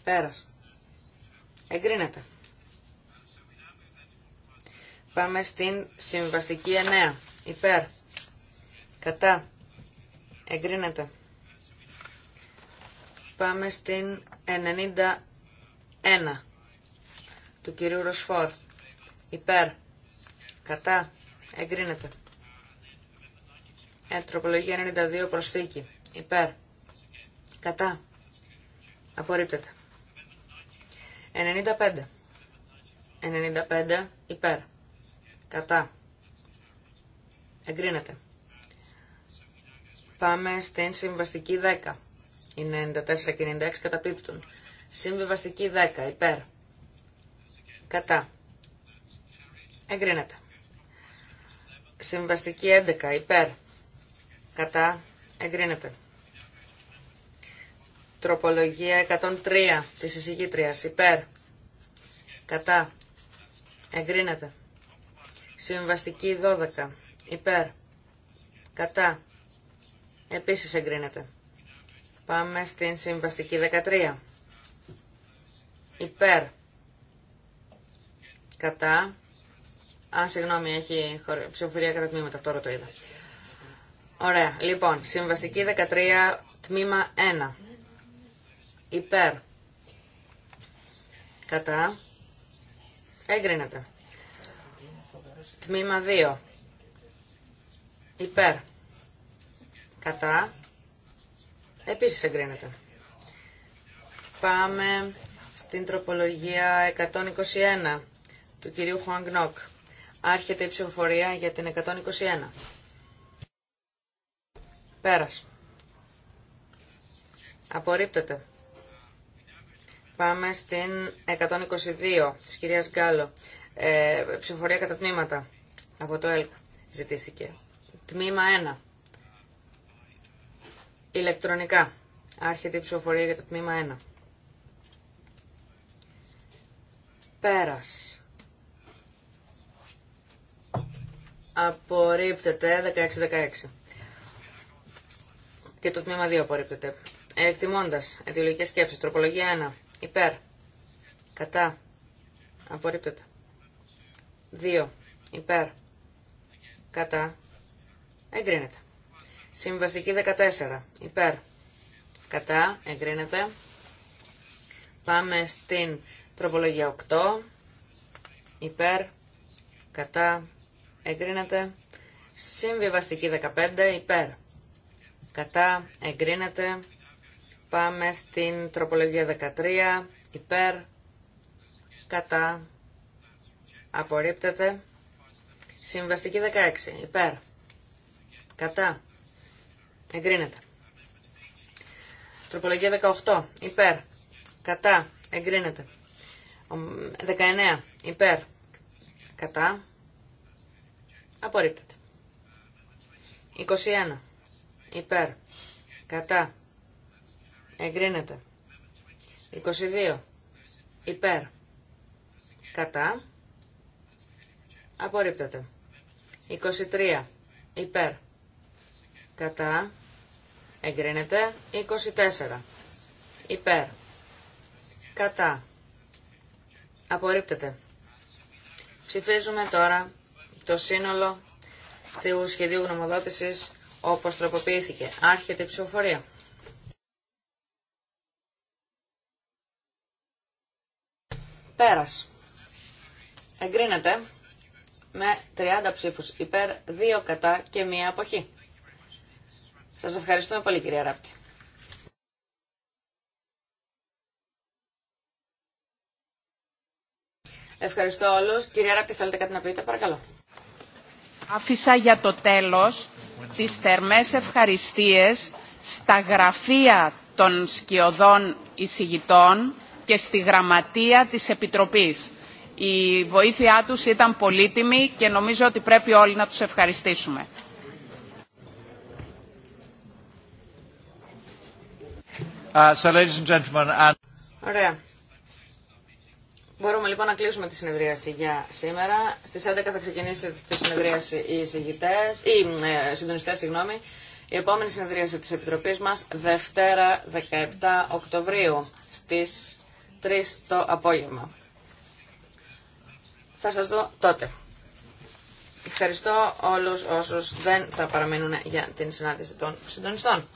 Πέρας. Εγκρίνεται. Πάμε στην συμβαστική 9. Υπέρ. Κατά. Εγκρίνεται. Πάμε στην 91 του κυρίου Ροσφόρ. Υπέρ. Κατά. Εγκρίνεται. Ετροπολογία 92 προσθήκη. Υπέρ. Κατά. Απορρίπτεται. 95. 95 υπέρ. Κατά. Εγκρίνεται. Πάμε στην συμβαστική 10. Είναι 94 και 96 καταπίπτουν. Συμβιβαστική 10. Υπέρ. Κατά. Εγκρίνεται. Συμβαστική 11. Υπέρ. Κατά. Εγκρίνεται. Τροπολογία 103 της εισηγήτριας. Υπέρ. Κατά. Εγκρίνεται. Συμβαστική 12. Υπέρ. Κατά. Επίσης εγκρίνεται. Πάμε στην συμβαστική 13. Υπέρ. Κατά. Α, συγγνώμη, έχει ψηφοφορία κατά τμήματα. Τώρα το είδα. Ωραία. Λοιπόν, συμβαστική 13, τμήμα 1. Υπέρ. Κατά. Έγκρινεται. Τμήμα 2. Υπέρ. Κατά. Επίσης εγκρίνεται. Πάμε στην τροπολογία 121 του κυρίου Χουάνγκ Νόκ. Άρχεται η ψηφοφορία για την 121. Πέρας. Απορρίπτεται. Πάμε στην 122 της κυρίας Γκάλο. Ε, ψηφοφορία κατά τμήματα από το ΕΛΚ ζητήθηκε. Τμήμα 1. Ηλεκτρονικά. Άρχεται η ψηφοφορία για το τμήμα 1. Πέρας. Απορρίπτεται 16-16. Και το τμήμα 2 απορρίπτεται. Εκτιμώντας. Αιτιολογικές σκέψεις. Τροπολογία 1. Υπέρ. Κατά. Απορρίπτεται. 2. Υπέρ. Κατά. Εγκρίνεται. Συμβαστική 14. Υπέρ. Κατά. Εγκρίνεται. Πάμε στην τροπολογία 8. Υπέρ. Κατά. Εγκρίνεται. Συμβιβαστική 15. Υπέρ. Κατά. Εγκρίνεται. Πάμε στην τροπολογία 13. Υπέρ. Κατά. Απορρίπτεται. Συμβαστική 16. Υπέρ. Κατά. Εγκρίνεται. Τροπολογία 18. Υπέρ. Κατά. Εγκρίνεται. 19. Υπέρ. Κατά. Απορρίπτεται. 21. Υπέρ. Κατά. Εγκρίνεται. 22. Υπέρ. Κατά. Απορρίπτεται. 23. Υπέρ. Κατά. Εγκρίνεται. 24. Υπέρ. Κατά. Απορρίπτεται. Ψηφίζουμε τώρα το σύνολο του σχεδίου γνωμοδότησης όπως τροποποιήθηκε. Άρχεται η ψηφοφορία. Πέρας. Εγκρίνεται με 30 ψήφους υπέρ, 2 κατά και 1 αποχή. Σας ευχαριστώ πολύ κυρία Ράπτη. Ευχαριστώ όλους. Κυρία Ράπτη, θέλετε κάτι να πείτε, παρακαλώ. Άφησα για το τέλος τις θερμές ευχαριστίες στα γραφεία των σκιωδών εισηγητών και στη γραμματεία της Επιτροπής. Η βοήθειά τους ήταν πολύτιμη και νομίζω ότι πρέπει όλοι να τους ευχαριστήσουμε. Uh, Ωραία. Μπορούμε λοιπόν να κλείσουμε τη συνεδρίαση για σήμερα. Στι 11 θα ξεκινήσει τη συνεδρίαση οι συγητέ, οι ε, συντονιστέ, συγγνώμη. Η επόμενη συνεδρίαση τη Επιτροπή μα Δευτέρα 17 Οκτωβρίου στι 3 το απόγευμα. Θα σας δω τότε. Ευχαριστώ όλους όσους δεν θα παραμείνουν για την συνάντηση των συντονιστών.